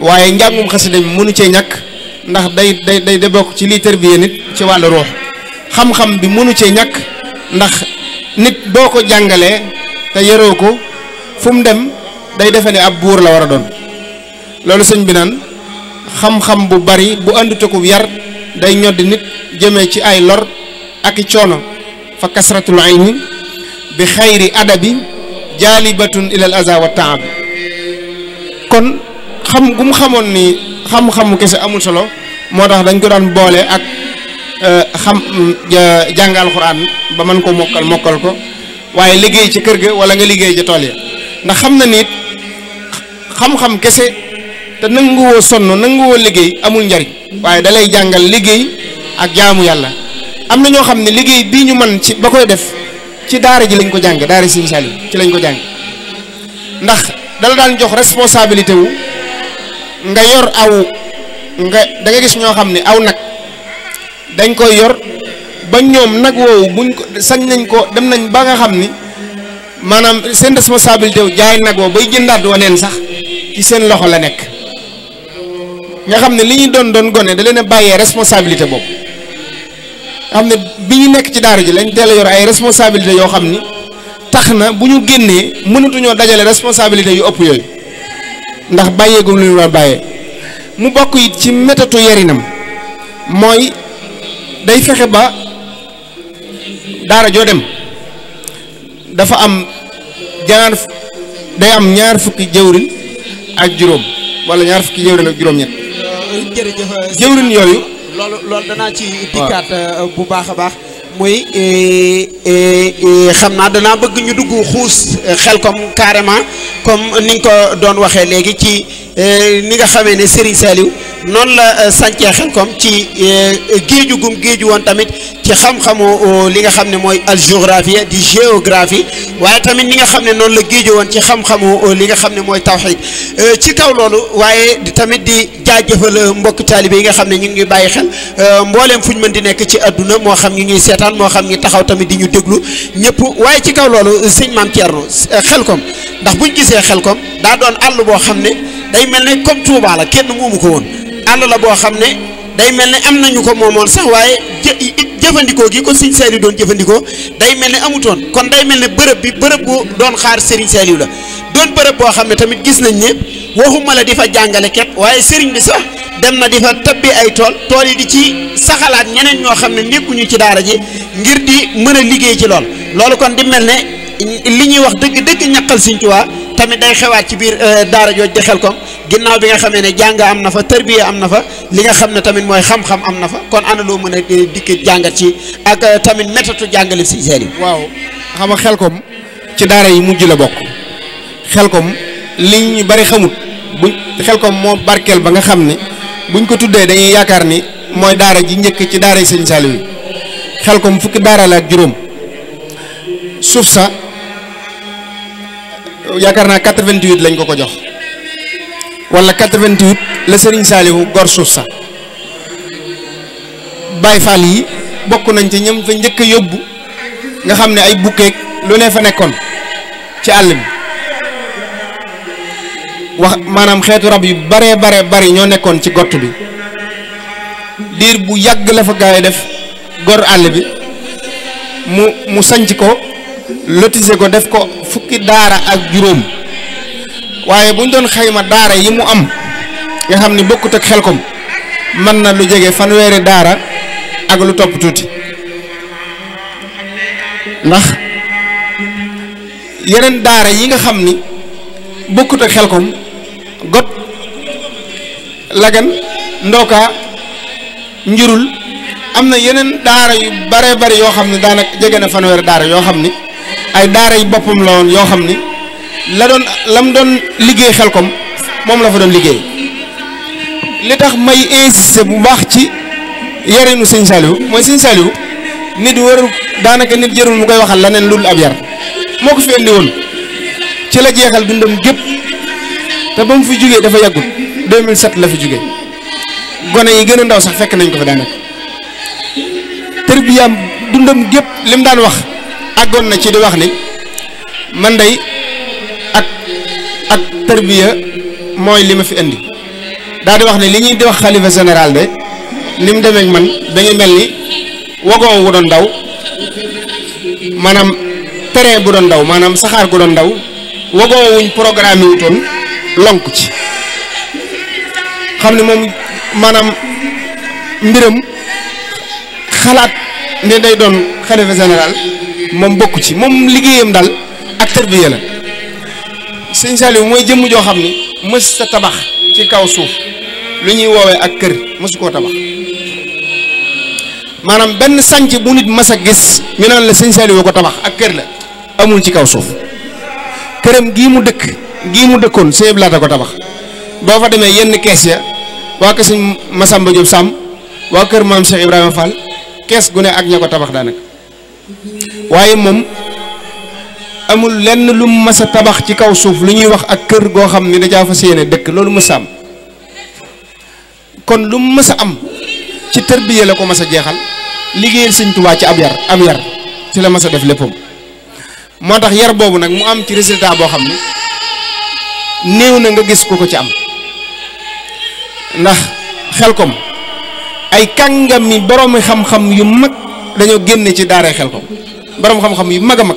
waaye njàngum xasida mi mënu cee ñàkk ndax day day day da bokk ci lii tërbiye nit ci wàllu ruux xam-xam bi mënu cee ñàkk ndax nit boo ko jàngalee te yaroo ko fu dem day defe ne ab buur la war a doon loolu sëñ bi naan xam-xam bu bari bu àndutakub yar day ñoddi nit jëmee ci ay lor ak i coono fa kasratul ilmi bi xayri adabi jaalibatun ilal aza wa taab kon xam gu mu xamoon ni xam-xamu kese amul solo moo tax dañ ko daan boole ak euh, xam jàng alxuraan ba mën ko mokkal mokkal ko waaye liggéey ci kër gi wala nga liggéey ci tool ya ndax xam na nit xam-xam kese te nanguwoo sonn nanguwoo liggéey amul njariñ waaye dalay jàngal liggéey ak jaamu yàlla am na ñoo xam ne liggéey bii ñu man ci ba koy def ci daara ji lañ ko jànge daara Sëriñ Saliou ci lañ ko jànge ndax dala daan jox responsabilité wu nga yor aw nga da gis ñoo xam ne aw nag dañ koy yor ba ñoom nag woowu buñ ko sañ nañ ko dem nañ ba nga xam ni maanaam seen responsabilité wu jaay nag woo bay jëndaat waneen sax ci seen loxo la nekk nga xam ne li ñuy doon doon gone da leen bàyyee responsabilité boobu nga xam ne bi ñu nekk ci daara ji lañ teel a yor ay responsabilité yoo xam ni tax na bu ñu génnee mënatuñoo dajale responsabilité yu ëpp yooyu ndax bàyyeegum lu ñu war bàyyee mu bokk yi ci métatu yarinam mooy day fexe ba daara joo dem dafa am ñaar day am ñaar fukki jëwrin ak juróom wala ñaar fukki jëwrin ak juróom-ñett. jërëjëf jëwrin yooyu. loolu loolu danaa ci dikkaat euh, bu baax a baax. muy e, e, e, xam naa danaa bëgg ñu dugg xuus xel kom carrément comme ni nga ko doon waxee léegi ci ni nga xamee ne Serigne Saliou noonu la euh, sancee xelkom ci euh, géeju gum géeju woon tamit ci xam-xamu euh, li nga xam ne mooy algéographie di géographie waaye tamit ni nga xam ne noonu la géeju woon ci xam-xamu li nga xam ne mooy tawxid ci kaw loolu waaye tamit di jaajëfal mbokk taalibe yi nga xam ne ñu ngi bàyyi xel mbooleem fu ñu mën di nekk ci adduna moo xam ñu ñuy seetaan moo xam ñu taxaw tamit di ñu déglu ñëpp waaye ci kaw loolu sëñ maam Thierno xelkom ndax buñ gisee xel daa doon àll boo xam ne day mel ne comme Touba la kenn moomu ko woon àll la boo xam ne day mel ne am nañu ko moomoon sax waaye jëfandikoo gi ko sëñ Saliou doon jëfandikoo day mel ne amutoon kon day mel ne bërëb bi bërëb bu doon xaar Serigne Saliou la doon bërëb boo xam ne tamit gis nañ ne waxuma la di fa jàngale képp waaye Serigne bi sax dem na di fa tabbi ay tool tool yi di ci saxalaat ñeneen ñoo xam ne nekkuñu ci daara ji ngir di mën a liggéey ci lool loolu kon di mel ne li ñuy wax dëgg dëgg ñaqal Sëñ Tuubaa tamit day xewaat ci biir euh, daara jooj di xel kom ginnaaw bi nga xamee ne jàng am na fa tërbiya am na fa li nga xam ne tamit mooy xam-xam am na fa kon ana loo mën a euh, dikk jàngat ci ak euh, tamit méthode jàngale si seen yi waaw xam xel kom ci daara yi mujj la bokk xel kom li ñu bari xamut buñ xel kom moo barkeel ba nga xam ne buñ ko tuddee dañuy yaakaar ni mooy daara ji njëkk ci daara yi sëñ Saliou yi xel kom fukki daara la ak juróom suuf sa yaakaar naa 88 lañ ko ko jox wala 88 la Serigne Saliou gor suuf sa Baye Fall yi bokk nañ ci ñam fa njëkk a yóbbu nga xam ne ay bukkeek lu ne fa nekkoon ci àll bi wax maanaam xeetu rab yu bare bare bari ñoo nekkoon ci gott bi diir bu yàgg la fa gaay def gor àll bi mu mu sanc ko lotise ko def ko fukki daara ak juróom waaye bu ñu doon xayma daara yi mu am nga xam ni bokkut ak xelkom mën na lu jege fanweeri daara ak lu topp tuuti ndax yeneen daara yi nga xam ni bokkut ak xelkom got lagan ndoka njurul am na yeneen daara yu bare bari yoo xam ne daanaka jege na fanweeri daara yoo xam ni ay daara yi boppam la woon yoo xam ni la doon lam doon liggéey xel xelkom moom la fa doon liggéey li tax may insisté bu baax ci yarinu sëñ Saliou mooy sëñ Saliou nit warul daanaka nit jërul mu koy waxal leneen lu dul ab yar moo ko fi indi ci la jeexal dundam gépp te ba mu jógee dafa yàggul 2007 la fi jógee gone yi gën a ndaw sax fekk nañ ko fa daanaka tërbiyaam dundam gépp lim daan wax àggoon na ci di wax ni man dey ak ak tarbiya mooy li ma fi indi daal di wax ne li ñuy di wax xalifa général de ni mu demee man da mel ni wagoo wu doon daw maanaam terrain bu doon daw maanaam saxaar gu doon daw wagoo wuñ programme yi lonk ci xam ne moom maanaam mbiram xalaat ne day doon xalifa général moom bokku ci moom liggéeyam daal ak tarbiya la sëñ Saliou mooy jëmm joo xam ni mës sa tabax ci kaw suuf lu ñuy woowee ak kër mësu koo tabax maanaam benn sanc bu nit mës a gis ñu naan la sëñ Saliou ko tabax ak kër la amul ci kaw suuf këram gii mu dëkk gii mu dëkkoon sëñ Abdou ko tabax boo fa demee yenn kees ya waa kër sëñ Massamba Diop Samb waa kër maam Cheikh Ibrahima Fall kees gu ne ak ña ko tabax daanaka waaye moom amul lenn lu mu mës a tabax ci kaw suuf lu ñuy wax ak kër goo xam ni dajaa fa yéene dëkk loolu ma a am kon lu mu mës a am ci tërbiye la ko mës a jeexal liggéeyal sëñ Tuubaa ci ab yar am yar ci la mës a def léppam moo tax yar boobu nag mu am ci résultat boo xam ne néew na nga gis ku ko ci am ndax xel xelkom ay kàngam mi boroomi xam-xam yu mag dañoo génne ci daaree xelkom borom xam-xam yu mag a mag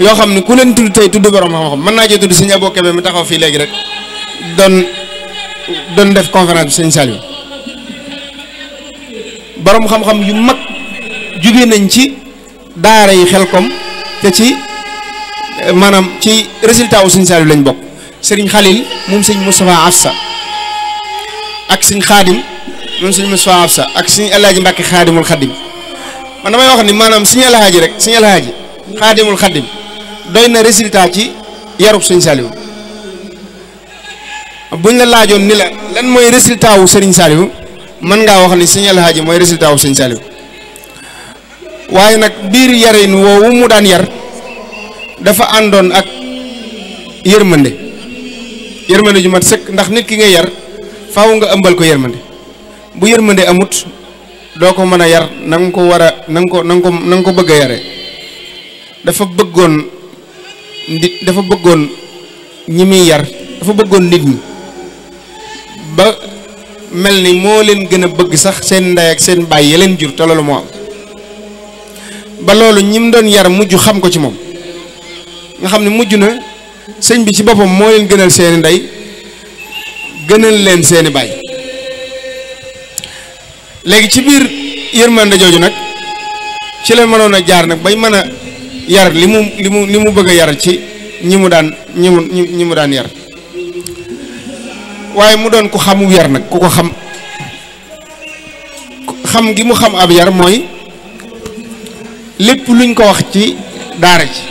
yoo xam ne ku leen tudd tey tudd borom xam-xam mën naa cee tudd sëñ Abou Kébé mi taxaw fii léegi rek doon doon def conférence bi sëñ Saliou borom xam-xam mag jóge nañ ci daara yi xel kom te ci maanaam ci résultat wu sëñ Saliou lañ bokk sëriñ xalil moom sëñ Moustapha Afsa ak sëñ Khadim moom sëñ Moustapha Afsa ak sëñ El Hadj Mbacke Khadimul man damay wax ni maanaam Sëriñ Alxaaji rek Sëriñ Alxaaji xaadimul xaddim doy na résultat ci yarub Sëriñ Saliou buñ la laajoon ni la lan mooy résultat wu Sëriñ man mën ngaa wax ni Sëriñ Alxaaji mooy résultat wu Sëriñ Saliou waaye nag biir yarin woowu mu daan yar dafa àndoon ak yërmande yërmande ju mat ndax nit ki ngay yar faw nga ëmbal ko yërmande bu yërmande amut doo ko mën a yar nanga ko war a na nga ko na ko na nga ko bëgg a yare dafa bëggoon ndi dafa bëggoon ñi muy yar dafa bëggoon nit ñi ba mel ni moo leen gën a bëgg sax seen ndey ak seen baay ya leen jur te loolu moo am ba loolu ñi mu doon yar mujj xam ko ci moom nga xam ne mujj na sëñ bi ci boppam moo leen gënal seeni ndey gënal leen seeni baay léegi ci biir yërmande jooju nag ci la mënoon a jaar nag bay mën a yar li mu li mu li mu bëgg a yar ci ñi mu daan ñi mu ñi mu daan yar waaye mu doon ku xamu yar nag ku ko xam xam gi mu xam ab yar mooy lépp luñ ko wax ci daara ji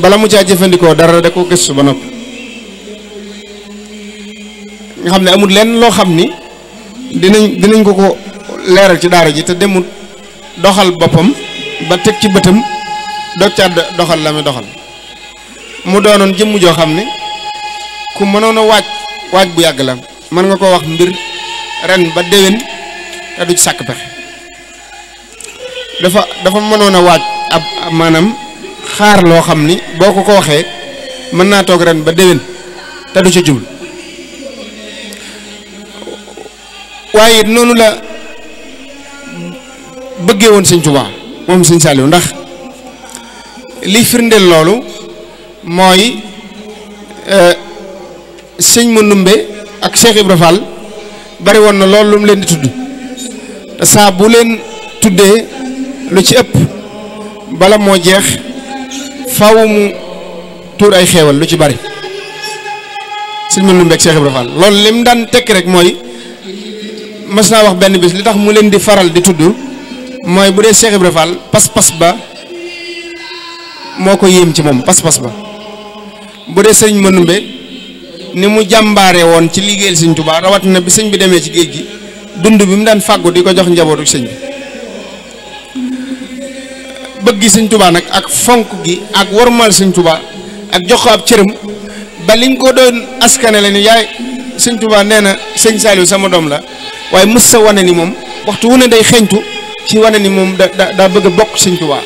bala mu caa jëfandikoo dara da ko gëstu ba noppi nga xam ne amut leen loo xam ni dinañ dinañ ko ko leeral ci daara ji te demul doxal boppam ba teg ci bëtam doog ca doxal la muy doxal mu doonoon jëmm joo xam ne ku mënoon a waaj waaj bu yàgg la mën nga koo wax mbir ren ba déwén te du ci sàkk pexe dafa dafa mënoon a waaj ab maanaam xaar loo xam ni boo ko ko waxee mën naa toog ren ba déwén te du ci jublu waaye noonu la bëggee woon sëñ Tuubaa moom sëñ Saaliw ndax li firndeel loolu mooy euh, sëñ mu numbe ak Cheikh Ibra Fall bari woon na loolu lu mu leen di tudd te saa bu leen tuddee lu ci ëpp bala moo jeex faw mu tuur ay xeewal lu ci bari sëñ mu numbe ak Cheikh Ibra Fall loolu lim daan tekki rek mooy mas wax benn bis li tax mu leen di faral di tudd mooy bu dee Cheikh Ibra Fall pas-pas ba moo ko yéem ci moom pas-pas ba bu dee sëriñ Manumbe ni mu jàmbaare woon ci liggéeyal sëñ Tuubaa rawat na bi sëñ bi demee ci géej gi dund bi mu daan fàggu di ko jox njabootu sëñ bi bëgg sëñ Tuubaa nag ak fonk gi ak wormal sëñ Tuubaa ak jox ko ab cërëm ba liñ ko doon askane la ni yaay sëñ Tuubaa nee na sëñ Saliou sama doom la waaye mës sa wone ni moom waxtu wu ne day xeeñtu ci wane ni moom da daa bëgg a bokk sëñ Tuubaa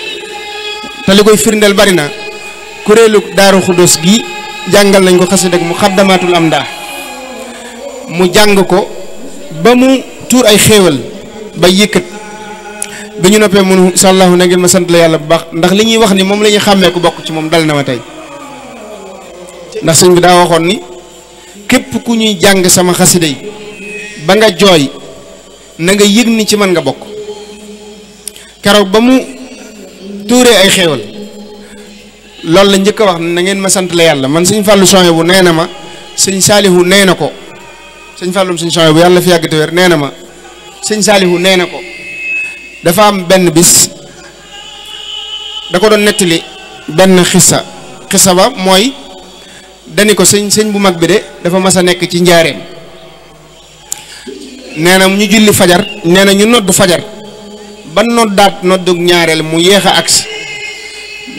te li koy firndeel bari na kuréelu daaru xuddos gi jàngal nañ ko xasida ak mu xaddamaatul am ndaa mu jàng ko ba mu tuur ay xéewal ba yëkkat bi ñu noppee mun sàllaahu na ngeen ma sant la yàlla bu baax ndax li ñuy wax ni moom la ñuy xàmmee ku bokk ci moom dal na ma tey ndax sëñ bi daa waxoon ni képp ku ñuy jàng sama xasida yi ba nga jooy na nga yëg ni ci man nga bokk keroog ba mu tuuree ay xéewal loolu la njëkk a wax na ngeen ma sant la yàlla man sëñ fàllu Sonia bu nee na ma sëñ Saalihu nee na ko sëñ Fallou sëñ Sonia bu yàlla fi yàgg te wér nee na ma sëñ Saalihu nee na ko dafa am benn bis da ko doon nettali benn xissa xissa ba mooy dani ko sëñ sëñ bu mag bi de dafa mas a nekk ci njaareem nee na ñu julli fajar nee na ñu nodd fajar ba noddaat noddug ñaareel mu yéex a agsi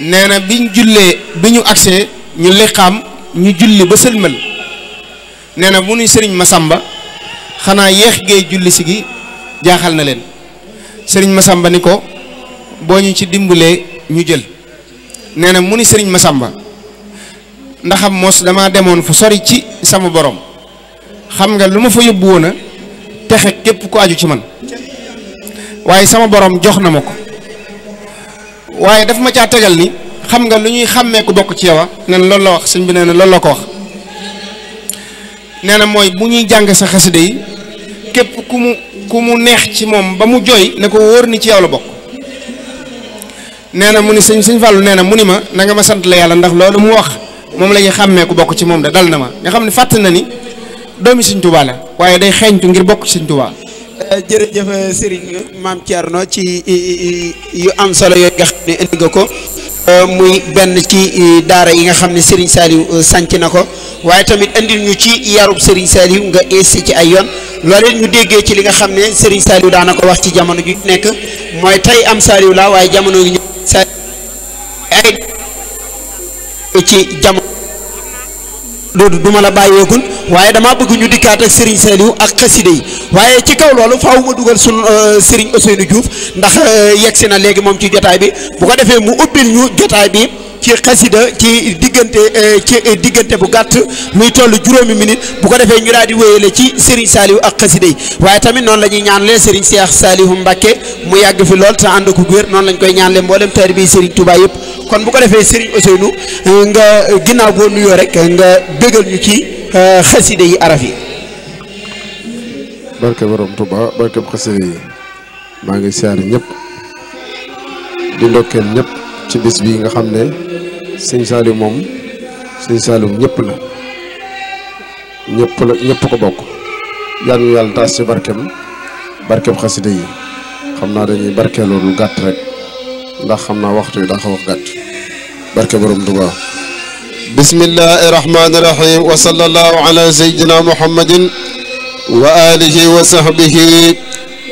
nee na biñ jullee bi ñu agsee ñu liqaam ñu julli ba sëlmal nee na mu nu sëriñ Masamba xanaa yéex gee julli si gi jaaxal na leen sëriñ Masamba ni ko boo ñu ci dimbalee ñu jël nee na mu ni sëriñ Masamba ndaxam mos dama demoon fu sori ci sama borom xam nga lu ma fa yóbbu woon képp ku aju ci man waaye sama borom jox na ma ko waaye daf ma caa tegal ni xam nga lu ñuy xàmmee ku ci yow a nen loolu la wax sëñ loolu la ko wax na mooy bu ñuy jàng sa xasida képp ku mu ku mu neex ci moom ba mu jooy ne ko wóor ni ci yow la bokk nee na mu ni sëñ sëñ Fallou nee na mu ni ma na ma sant la yàlla ndax loolu mu wax moom la ñuy xàmmee ku bokk ci moom da dal na ma nga xam ne fàtt na ni doomi Sëñ Tuubaa la waaye day xeeñtu ngir bokk ci Sëñ Tuubaa euh, jërëjëf euh, Serigne Maam Thierno ci yu am solo yooyu nga xam ne indi nga ko euh, muy benn ci daara yi nga xam ne Serigne Saliou sanc na ko waaye tamit indi ñu ci yarub Serigne Saliou nga ci ay yoon loolu ñu déggee ci li nga xam ne Serigne Saliou daana ko wax ci jamono ju nekk mooy tey am Saliou la waaye jamono gi ñu ci jamono loolu du ma la bàyyeegul waaye damaa bëgg ñu dikkaat ak Serigne Saliou ak xaside yi waaye ci kaw loolu faaw ma dugal sun euh, Serigne Ousseynou Diouf ndax euh, yegg si na léegi moom ci jotaay bi bu ko defee mu ubbil ñu jotaay bi. ci xasida ci diggante eh, ci eh, diggante bu gàtt luy toll juróomi minute bu ko defee ñu daal di wéyale ci Serigne Saliou ak xasida yi waaye tamit noonu la ñuy ñaanalee Serigne Cheikh Saliou Mbacke mu yàgg fi lool te ànd ko wér noonu lañ koy ñaanalee mboolem taalibe bi Serigne tubaa yëpp kon bu ko defee Serigne Ousseynou eh, nga ginnaaw boo nuyoo rek nga bégal ñu ci xasida yi araf yi. barke borom Touba barke xasida yi maa ngi siyaar ñëpp di ndokkeel ñëpp ci bis bi nga xam ne. sëñ Saliou moom sëñ Saliou ñëpp la ñëpp ko bokk yàlla na yàlla taas ci barkeem barkeem xasida yi xam naa dañuy barkeeloo lu gàtt rek ndax xam naa waxtu yi daa xaw a gàtt barke borom Tuubaa bismillahi rahmaani rahim wa sallallahu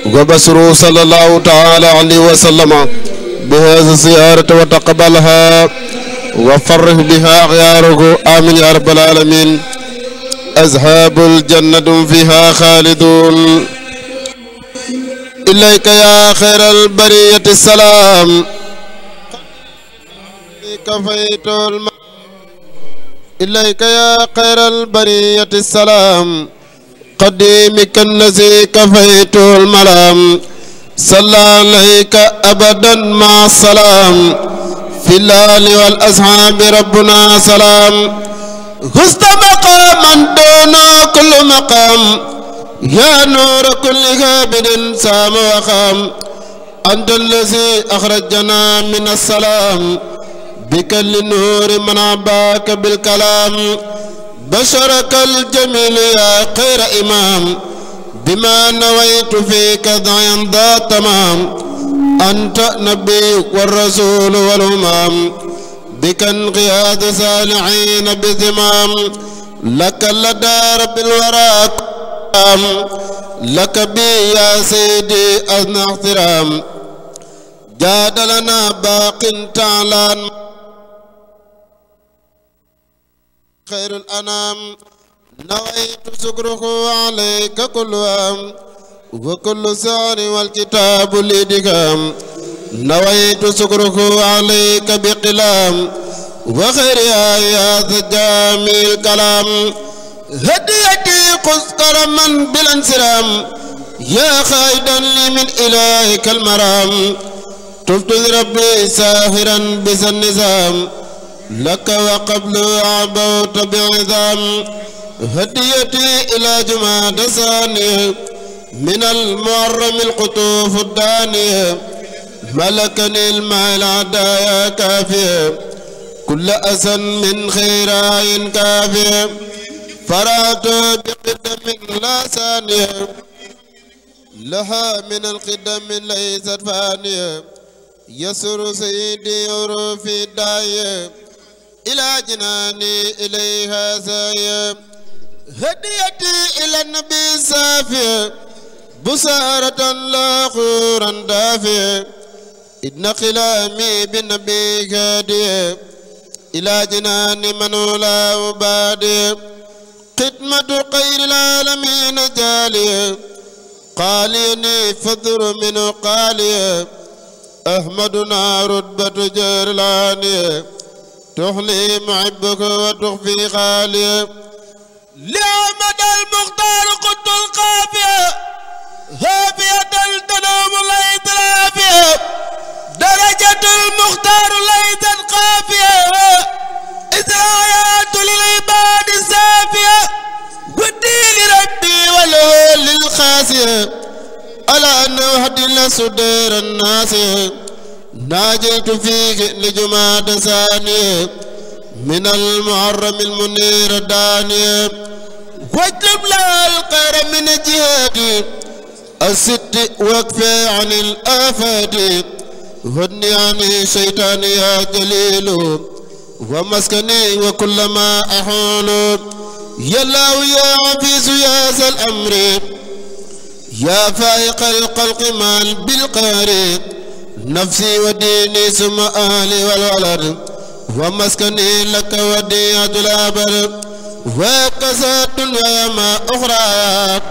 wa basru sallallahu taala alayhi wa sallama bi haza ziyarata wa taqabalha wa farrih biha axyaarako amin ya rabbal alamin ashabul jannatum fiha xaalidun ilayka ya xayral bariyati salaam kafaytul إليك يا خير البرية السلام قديمك الذي كفيت الملام صلى عليك أبدا مع السلام في الآل والأصحاب ربنا سلام غزت مقاما دون كل مقام يا نور كل غابر سام وخام أنت الذي أخرجنا من السلام بك النور من عباك بالكلام بشرك الجميل يا خير إمام بما نويت فيك ضعين ذا تمام anta nabi wa rasul wal umam bikan qiyaad saalihiin bi zimam laka ladaa rabbil waraa laka bi yaa sayyidi azna ixtiraam jaadalana baaqin taalaan xayrul anaam nawaytu sukruhu alayka kulluam وكل سعر والكتاب لدقام نويت سكره عليك بقلام وخير آيات جامي الكلام هديتي قص كرما بالانسرام يا خائدا لي من إلهك المرام تفت ربي ساهرا بس النظام لك وقبل عبوت بعظام هديتي إلى جماد ثانيه من المعرم القطوف الدانية ملكني الماء العدايا كافية كل أسن من خير عين كافية فرعت بقدم لا ثانية لها من القدم ليست فانية يسر سيدي عروفي الداية إلى جناني إليها ساية هديتي إلى النبي سافية بسارة لا خورا دافئ إن خلامي بنبيك هادي إلى جنان من لا أبادي خدمة خير العالمين جالي قاليني فذر من قالي أحمدنا رتبة جرلاني تحلي معبك وتخفي خالي لأحمد المختار قد القافية هابية الدنام ليت العافية درجة المختار ليت القافية إسرايات للعباد السافية ودي لربي وله للخاسية ألا أن أهدي صدور الناس ناجيت فيك لجماد ثانية من المحرم المنير الدانية واجلب لها القير من جهادي الست واكفى عن الآفات هدني عني شيطان يا جليل ومسكني وكلما أحول يا الله يا عفيز يا ذا الأمر يا فائق القلق مع بالقارئ نفسي وديني ثم أهلي والولد ومسكني لك وديعة الأبد وكسات وما أخرى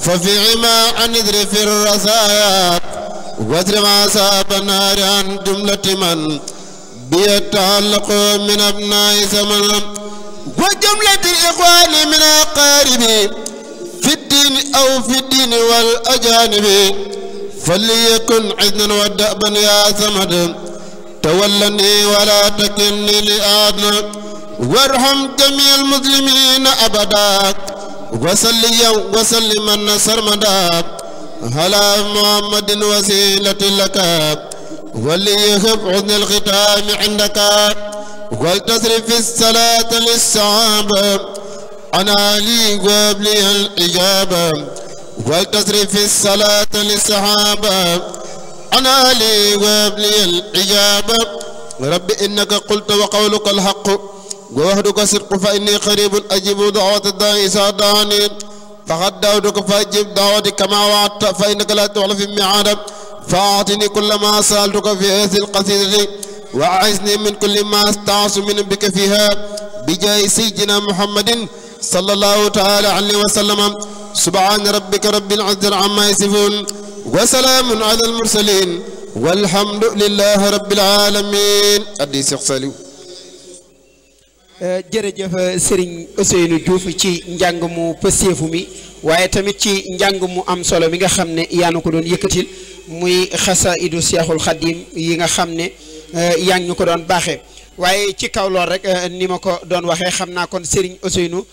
ففي غما عن اذرف الرزايا واجرم عذاب النار عن جملة من بيتعلق من أبناء زمن وجملة الإخوان من أقارب في الدين أو في الدين والأجانب فليكن عذنا ودأبا يا ثمد تولني ولا تكلني لأدنى وارحم جميع المسلمين أبدا وسليا وسلما سرمدا على محمد وسيلة لك وليهب حسن الختام عندك ولتصرف الصلاة للصحابة أنا لي قبل الإجابة ولتصرف الصلاة للصحابة أنا لي قبل الإجابة رب إنك قلت وقولك الحق ووحدك صدق فإني قريب أجيب دعوة الداعي إذا دعاني فقد دعوتك فأجب دعوتي كما وعدت فإنك لا تخلف الميعاد فأعطني كل ما سألتك في هذه القصيدة وأعزني من كل ما استعص من بك فيها بجاه سيدنا محمد صلى الله تعالى عليه وسلم سبحان ربك رب العزة عما يصفون وسلام على المرسلين والحمد لله رب العالمين أدي سيخ Eh, jërëjëf eh, Serigne Ousseynou Diouf ci njàng mu pëseefu mi waaye tamit ci njàng mu am solo mi nga xam ne yaa na ko doon yëkkatil muy xasaidu Seexul Xadim yi nga xam ne eh, yaa ngi ñu ko doon baaxee waaye ci kaw lool rek ni ma ko doon waxee xam naa kon Serigne Ousseynou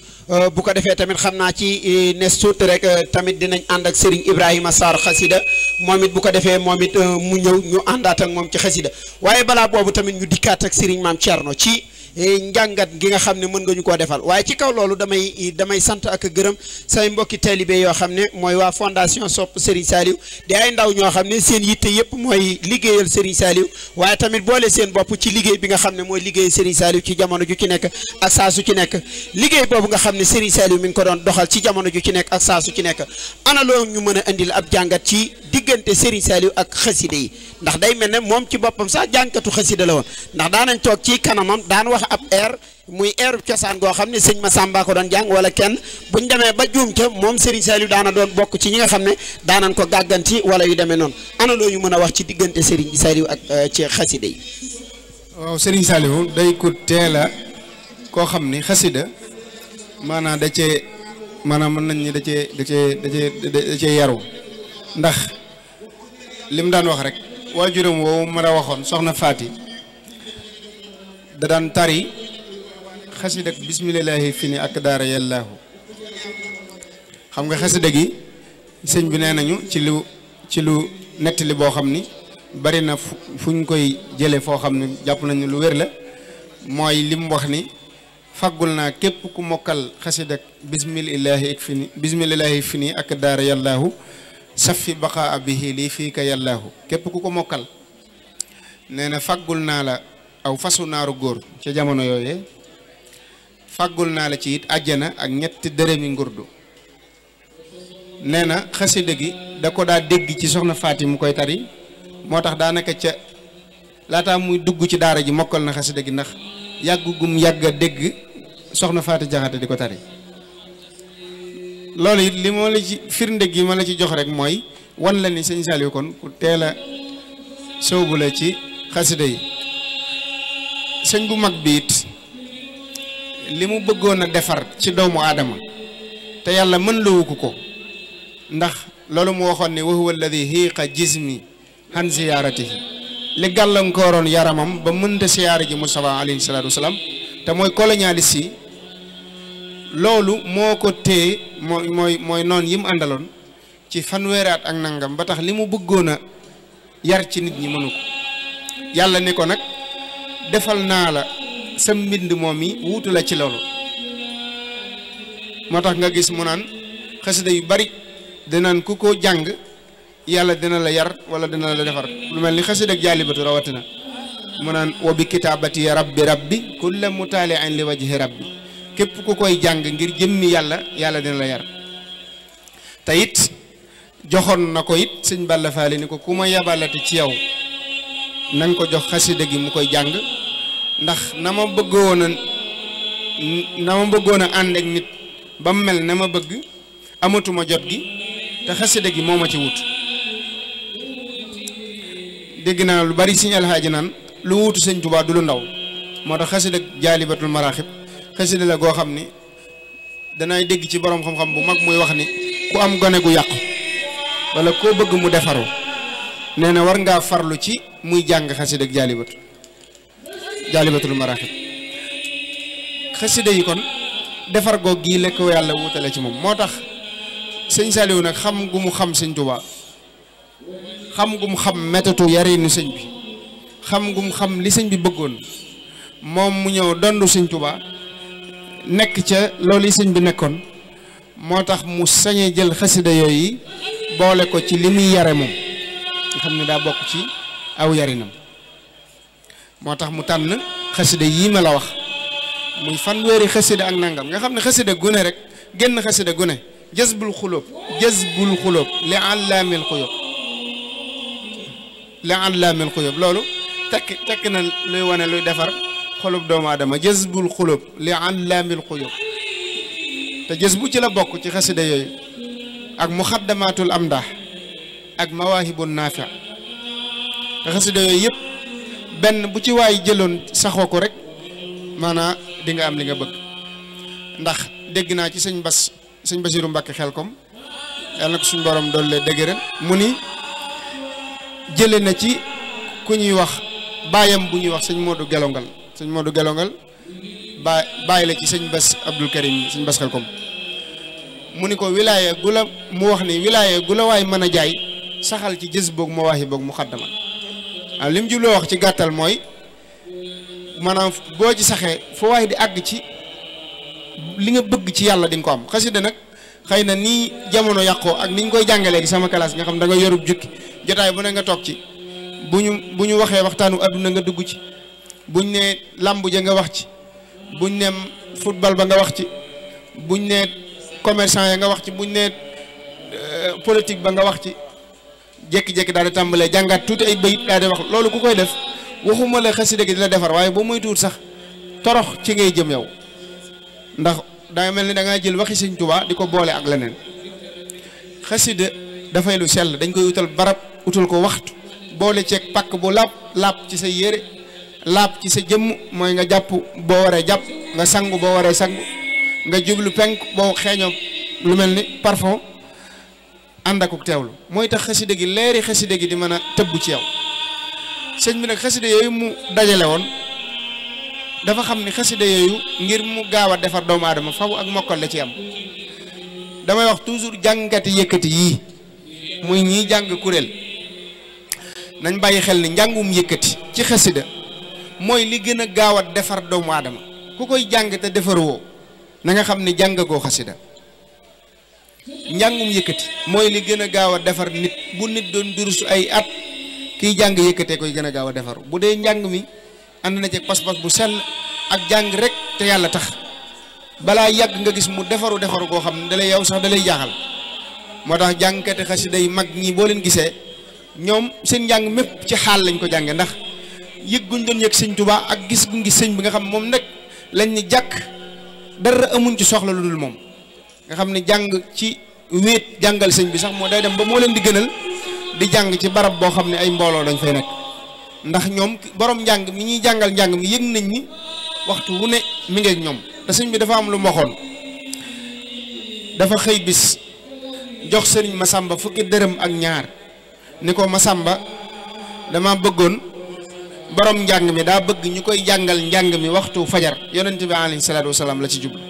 bu ko defee tamit xam naa ci ne tuuti rek tamit dinañ ànd ak Serigne Ibrahima Sarr xasida moom it bu ko defee moom it mu ñëw ñu àndaat ak moom ci xasida waaye balaa boobu tamit ñu dikkaat ak Serigne maam ci. Eh, njàngat gi nga xam ne mën nga ñu koo defal waaye ci kaw loolu damay damay sant ak gërëm say mbokki taalibe yoo xam ne mooy waa fondation Sopp Serigne Saliou di ay ndaw ñoo xam ne seen yitte yëpp mooy liggéeyal Serigne Saliou waaye tamit boole seen bopp ci liggéey bi nga xam ne mooy liggéey Serigne Saliou ci jamono ju ci nekk ak saa ci nekk liggéey boobu nga xam ne Serigne Saliou mi ngi ko doon doxal ci jamono ju ci nekk ak saa su ci nekk ana loo ñu mën a indil ab jàngat ci diggante Serigne Saliou ak xasida yi ndax day mel ne moom ci boppam sax jànkatu xasida la woon ndax daanañ toog ci kanamam daan wax ab air muy air cosaan goo xam ne sëñ ma Samba ko doon jàng wala kenn bu buñ demee ba juum ca moom Serigne Saliou daana doon bokk ci ñi nga xam ne daanañ ko gàgganti wala yu demee noonu ana ñu mën a wax ci diggante Serigne Saliou ak euh, ci xasida yi. waaw Serigne Saliou day ku teel koo xam ni xasida maanaam da cee maanaam mën nañ ni da cee da cee da li mu daan wax rek waajuram woowu ma a waxoon soxna Faati da daan tari xasida ak bismillaahi fi ni ak daara yàllaahu xam nga xasida gi sëñ bi nee nañu ci lu ci lu nettali boo xam ni bari na fu ñu koy jële foo xam ni jàpp nañu lu wér la mooy lim wax ni faggul naa képp ku mokkal xasida ak bismillaahi fi ni bismillaahi fi ak daara yàllaahu safi baqaa bihi lii fii ka yàllaahu képp ku ko mokkal nee na faggul naa la aw fasu naaru góor ca jamono yooyee faggul naa la ci it àjjana ak ñetti dërëmi ngurdu nee na xasida gi da ko daa dégg ci soxna faat yi mu koy tari moo tax daanaka ca laataa muy dugg ci daara ji mokkal na xasida gi ndax yàgg gum yàgg a dégg soxna Faati Jaxate di ko tari loolu it li moo la ci firnde gi ma la ci jox rek mooy wan la ni sëñ Saliou kon ku teel a sóobu la ci xasida yi sëñ bu mag bi li mu bëggoon a defar ci doomu aadama te yàlla mën lawuku ko ndax loolu mu waxoon ne wa walla alladi hiiqa jismi han ziyaaratihi li gàllankooroon yaramam ba mënta siyaara ji Mustafa alayhi salaatu wasalaam te mooy colonialiste loolu moo ko téye mooy mooy mooy noon yi mu àndaloon ci fanweeraat ak nangam ba tax li mu bëggoon a yar ci nit ñi mënu ko yàlla ne ko nag defal naa la sa mbind moom yi wuutu la ci lolo moo tax nga gis mu naan xasida yu bari dinaan ku ko jàng yàlla dina la yar wala dina la defar lu mel ni xasida ak jaalibatu rawatina mu naan wa bi kitaabati rabbi rabbi kulla mutaali an li wajhi rabbi képp ku koy jàng ngir jëmmi yàlla yàlla dina la yar te it joxoon na ko it sëñ Balla Faali ni ko ku ma yabalati ci yow na ko jox xasida gi mu koy jàng ndax na ma bëggoon a bëggoon a ànd nit ba mu mel na ma bëgg amatuma jot gi te xasida gi moo ma ci wut dégg naa lu bari sëñ alxaaji naan lu wutu sëñ Tuubaa du lu ndaw moo tax xasida jaalibatul maraaxib xasida la goo xam ni danay dégg ci boroom xam-xam bu mag muy wax ni ku am gone gu yàqu wala koo bëgg mu defaru nee na war ngaa farlu ci muy jàng xasida ak jaalibatu jaalibatul maraaxib xasida yi kon defar goog gi lekk yàlla wutale ci moom moo tax sëñ Saliou nag xam gu mu xam sëñ Tuubaa xam gu mu xam métatu yarinu sëñ bi xam gu mu xam li sëñ bi bëggoon moom mu ñëw dondu sëñ Tuubaa nekk ca loolu yi sëñ bi nekkoon moo tax mu sañee jël xasida yooyu boole ko ci li muy yare moom nga xam ne daa bokk ci aw yarinam moo tax mu tànn xasida yii ma la wax muy fanweeri xasida ak nangam nga xam ne xasida gune rek génn xasida gune jazbul xulóob jazbul xulóob li àllaamil xuyóob li àllaamil xuyóob loolu tekk tekk na luy wone luy defar xolub doomu aadama jësbul xulub li allaamil xuyub te jës bu ci la bokk ci xasida yooyu ak am amdah ak mawaahibun naafi te xasida yooyu yëpp benn bu ci waay jëloon saxoo ko rek maanaa di nga am li nga bëgg ndax dégg naa ci sëñ bas sëñ basiru mbàkke xelkom yàlla na ko suñu borom doole dëgëral mu ni jële na ci ku ñuy wax baayam bu ñuy wax sëñ moodu gelongal sëñ Modou Gelongal ba bàyyi la ci sëñ Bass Abdou Karim sëñ Bass Khelcom mu ni ko wilaya gu la mu wax ni wilaya gu la waay mën a jaay saxal ci jës boog ma yi boog mu xaddama waaw li mu jubloo wax ci gàttal mooy maanaam boo ci saxee foo waaye di àgg ci li nga bëgg ci yàlla di nga ko am xasida nag xëy na ni jamono yàqoo ak ni ñu koy jàngalee gi sama classe nga xam da yorub jukki jotaay bu ne nga toog ci bu ñu bu ñu waxee waxtaanu àdduna nga dugg ci buñ ne làmb ja nga wax ci buñ ne football ba nga wax ci buñ ne commercant ya nga wax ci buñ ne euh, politique ba nga wax ci jékki-jékki daal tàmbalee jàngaat tuuti ay bayit daal wax loolu ku koy def waxuma la xasida gi dina defar waaye boo muy tuut sax torox ci ngay jëm yow ndax danga mel ni dangaa jël waxi sëñ Tuubaa di ko boole ak leneen xasida dafay lu sell dañ koy wutal barab utal ko waxtu boole ceeg pakk bu laab laab ci say yére laab ci sa jëmm mooy nga jàpp boo waree jàpp nga sangu boo waree sangu nga jublu penk boo xeeñoo lu mel ni parfum ànd akuk teewlu mooy tax xasida gi leeri xasida gi di mën a tëbb ci yow sëñ bi nag xasida yooyu mu dajale woon dafa xam ni xasida yooyu ngir mu gaaw a defar doomu aadama faw ak mokkal la ci am damay wax toujours jàngati yëkkati yii muy ñii jàng kuréel nañ bàyyi xel ni njàngum yëkkati ci xasida mooy li gën a gaaw a defar doomu aadama ku koy jàng te defar woo na nga xam ne jàngagoo xasida njàngum yëkkati mooy li gën a gaaw a defar nit bu nit doon durus ay at kiy jàng yëkkatee koy gën a gaaw a defaru bu dee njàng mi ànd na ci pas-pas bu sell ak jàng rek te yàlla tax balaa yàgg nga gis mu defaru defaru koo xam ne dalay yow sax dalay jaaxal moo tax jàngkati xasida yi mag ñi boo leen gisee ñoom seen njàng mépp ci xaal lañ ko jànge ndax yëg guñ doon yëg sëñ Touba ak gis guñ gis sëñ bi nga xam moom nag lañ ni jàkk dara amuñ ci soxla lu dul moom nga xam ne jàng ci wéet jàngal sëñ bi sax moo day dem ba moo leen di gënal di jàng ci barab boo xam ne ay mbooloo dañ fay nekk ndax ñoom boroom njàng mi ñuy jàngal njàng mi yëg nañ ni waxtu wu ne mi ngeek ñoom te sëñ bi dafa am lu mu dafa xëy bis jox sëriñ sàmba fukki dërëm ak ñaar ni ko ma sàmba dama bëggoon borom njàng mi daa bëgg ñu koy jàngal njàng mi waxtu fajar yonent bi alayhi salaatu wasalaam la ci jublu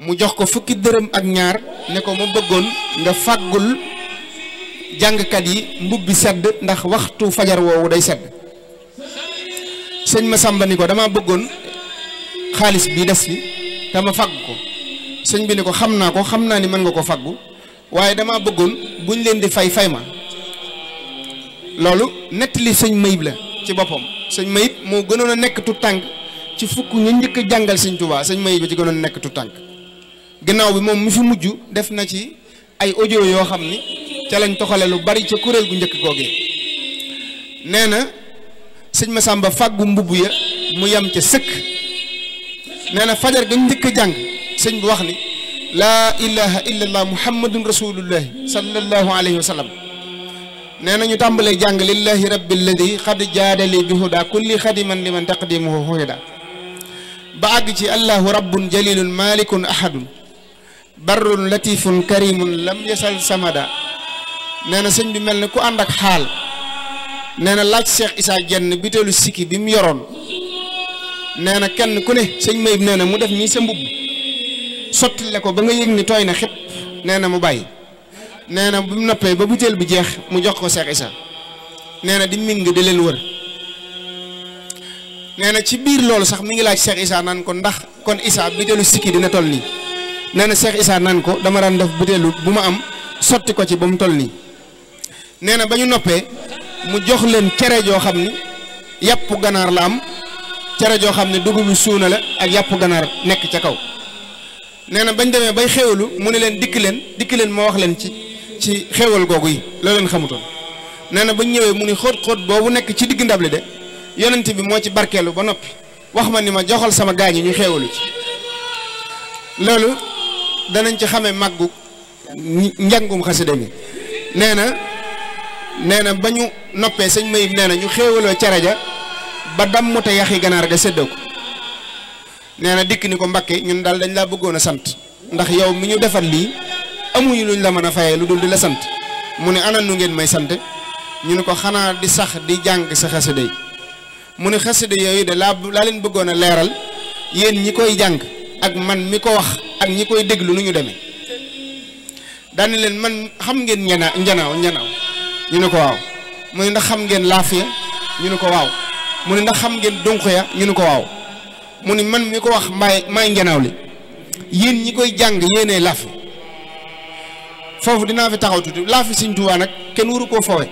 mu jox ko fukki dërëm ak ñaar ne ko ma bëggoon nga fàggul jàngkat yi mbubbi sedd ndax waxtu fajar woowu day sedd sëñ Masamba ni ko dama bëggoon xaalis bi des bi te ma fàgg ko sëñ bi ne ko xam naa ko xam naa ni mën nga ko fàggu waaye dama bëggoon buñ leen di fay fay ma loolu li sëñ Mayib la ci boppam sëñ Mayib moo gënoon a nekk tu tànk ci fukk ñu njëkk jàngal sëñ Tuubaa sëñ Mayib ba ci gënoon a nekk tu tànk gannaaw bi moom mu fi mujj def na ci ay audio yoo xam ni ca lañ toxale lu bari ca kuréel gu njëkk googee nee na sëñ Masamba fàggu mbubb ya mu yam ca sëkk nee na fajar gañ njëkk jàng sëñ bi wax ni laa ilaha illallah muhammadun rasulullahi sallallahu alayhi wa sallam nee na ñu tàmbalee jàng lillahi rabbi alladi xad jaadali bi man kulli xadiman liman taqdimuhu huda ba àgg ci allahu rabbun jalilun malikun ahadun barrun latifun karimun lam yasal samada nee na sëñ bi mel na ku ànd ak xaal nee na laaj Cheikh Issa Dienne biteelu sikki bi mu yoroon nee na kenn ku ne sëñ Mayib nee na mu def nii sa mbubb sotti la ko ba nga yëg ni tooy na xëpp nee na mu bàyyi nee na bu mu noppee ba butéel bi jeex mu jox ko Cheikh Issa nee na di ming di leen wër nee na ci biir loolu sax mi ngi laaj seex Issa naan ko ndax kon Issa butéelu sikki dina toll nii nee na Cheikh Issa naan ko dama daan def butéelu bu ma am sotti ko ci ba mu toll nii nee na ba ñu noppee mu jox leen cere joo xam ni yàpp ganaar la am cere joo xam ne dugub bi suuna la ak yàpp ganaar nekk ca kaw nee na bañ demee bay xewlu mu ne leen dikk leen dikk leen moo wax leen ci ci xewal googu yi la leen xamutoon nee na ba ñëwee mu ni xóot-xóot boobu nekk ci digg li de yonent bi moo ci barkeelu ba noppi wax ma ni ma joxal sama gaañi ñu xewalu ci loolu danañ ci xamee màggu njàngum xasida mi nee na nee na ba ñu noppee sañ Mayib nee na ñu cere ja ba damm te yaxi ganaar ga séddoo ko nee na dikk ni ko Mbàkke ñun daal dañ laa bëggoon a sant ndax yow mi ñu defar lii amuñu luñ la mën a fayee lu dul di la sant mu ne ana nu ngeen may sant ñu ne ko xanaa di sax di jàng sa xasida yi mu ne xasida yooyu de laa laa leen bëggoon a leeral yéen ñi koy jàng ak man mi ko wax ak ñi koy déglu nu ñu demee daane leen man xam ngeen ñanaa njanaaw njanaaw ñu ni ko waaw mu ne ndax xam ngeen laafiya ñu ni ko waaw mu ne ndax xam ngeen dunq ya ñu ne ko waaw mu ne man mi ko wax maay maay njanaaw li yéen ñi koy jàng yéenee laaf foofu dinaa fi taxaw tuuti laa fi Sëñ Tuubaa nag kenn waru koo fowe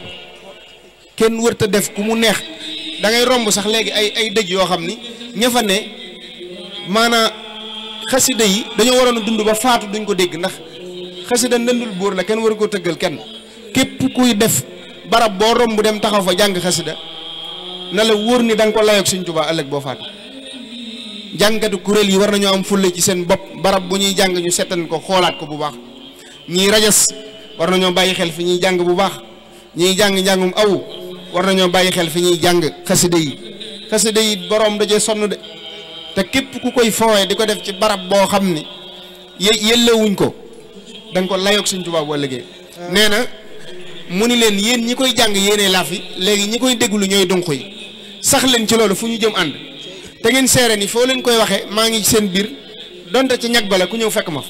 kenn wër def ku mu neex dangay romb sax léegi ay ay dëj yoo xam ni ña fa ne maanaa xasida yi dañoo waroon a dund ba faatu duñ ko dégg ndax xasida ndëndul buur la kenn waru koo tëggal kenn képp kuy def barab boo romb dem taxaw fa jàng xasida na la wóor ni da ko layoog Sëñ Tuubaa ëllëg boo faatu jàngkatu kuréel yi war nañoo am fulla ci seen bopp barab bu ñuy jàng ñu seetaan ko xoolaat ko bu baax ñii rajas war nañoo bàyyi xel fi ñuy jàng bu baax ñii jàng jàngum aw war nañoo bàyyi xel fi ñuy jàng xasida yi xasida yi boroom dajee sonn de te képp ku koy fooye di ko def ci barab boo xam ni yë yëllewuñ ko da nga ko layoog Sëñ Tuubaa boo liggéey ah. nee na mu ni leen yéen ñi koy jàng yéenee laaf yi léegi ñi koy déglu ñooy dunq yi sax leen ci loolu fu ñu jëm ànd te ngeen seere ni foo leen koy waxee maa ngi seen biir donte ci ñag bala ku ñëw fekk ma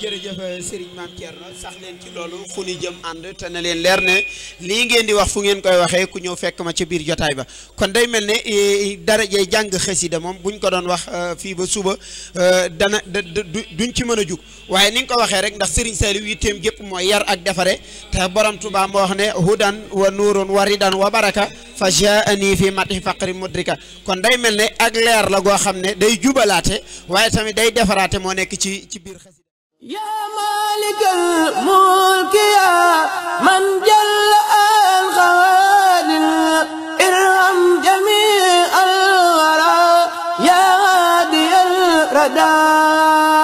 jërëjëf eh, Serigne Mame na sax leen ci loolu fu ñu jëm ànd te na leen leer ne lii ngeen di wax fu ngeen koy waxee ku ñëw fekk ma ca biir jotaay ba kon day mel ne eh, eh, dara darajee jàng da moom buñ ko doon wax fii ba suba dana duñ ci mën a jug waaye ni nga ko waxee rek ndax Serigne Saliou yitteem gépp mooy yar ak defare te borom Tuubaa moo wax ne hudan wa nuurun wa ridan wa baraka fa jaani fi mati faqri mudrika kon day mel ne ak leer la goo xam ne day jubalaate waaye tamit day moo nekk ci ci biir xasida yaa maalikal mulki yaa man jalla al xawaadir irham jamii al waraa yaa haadiyal radaa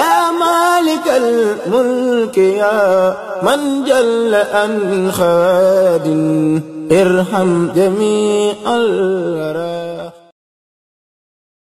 yaa maalikal mulki yaa man jalla al xawaadir irham jamii al waraa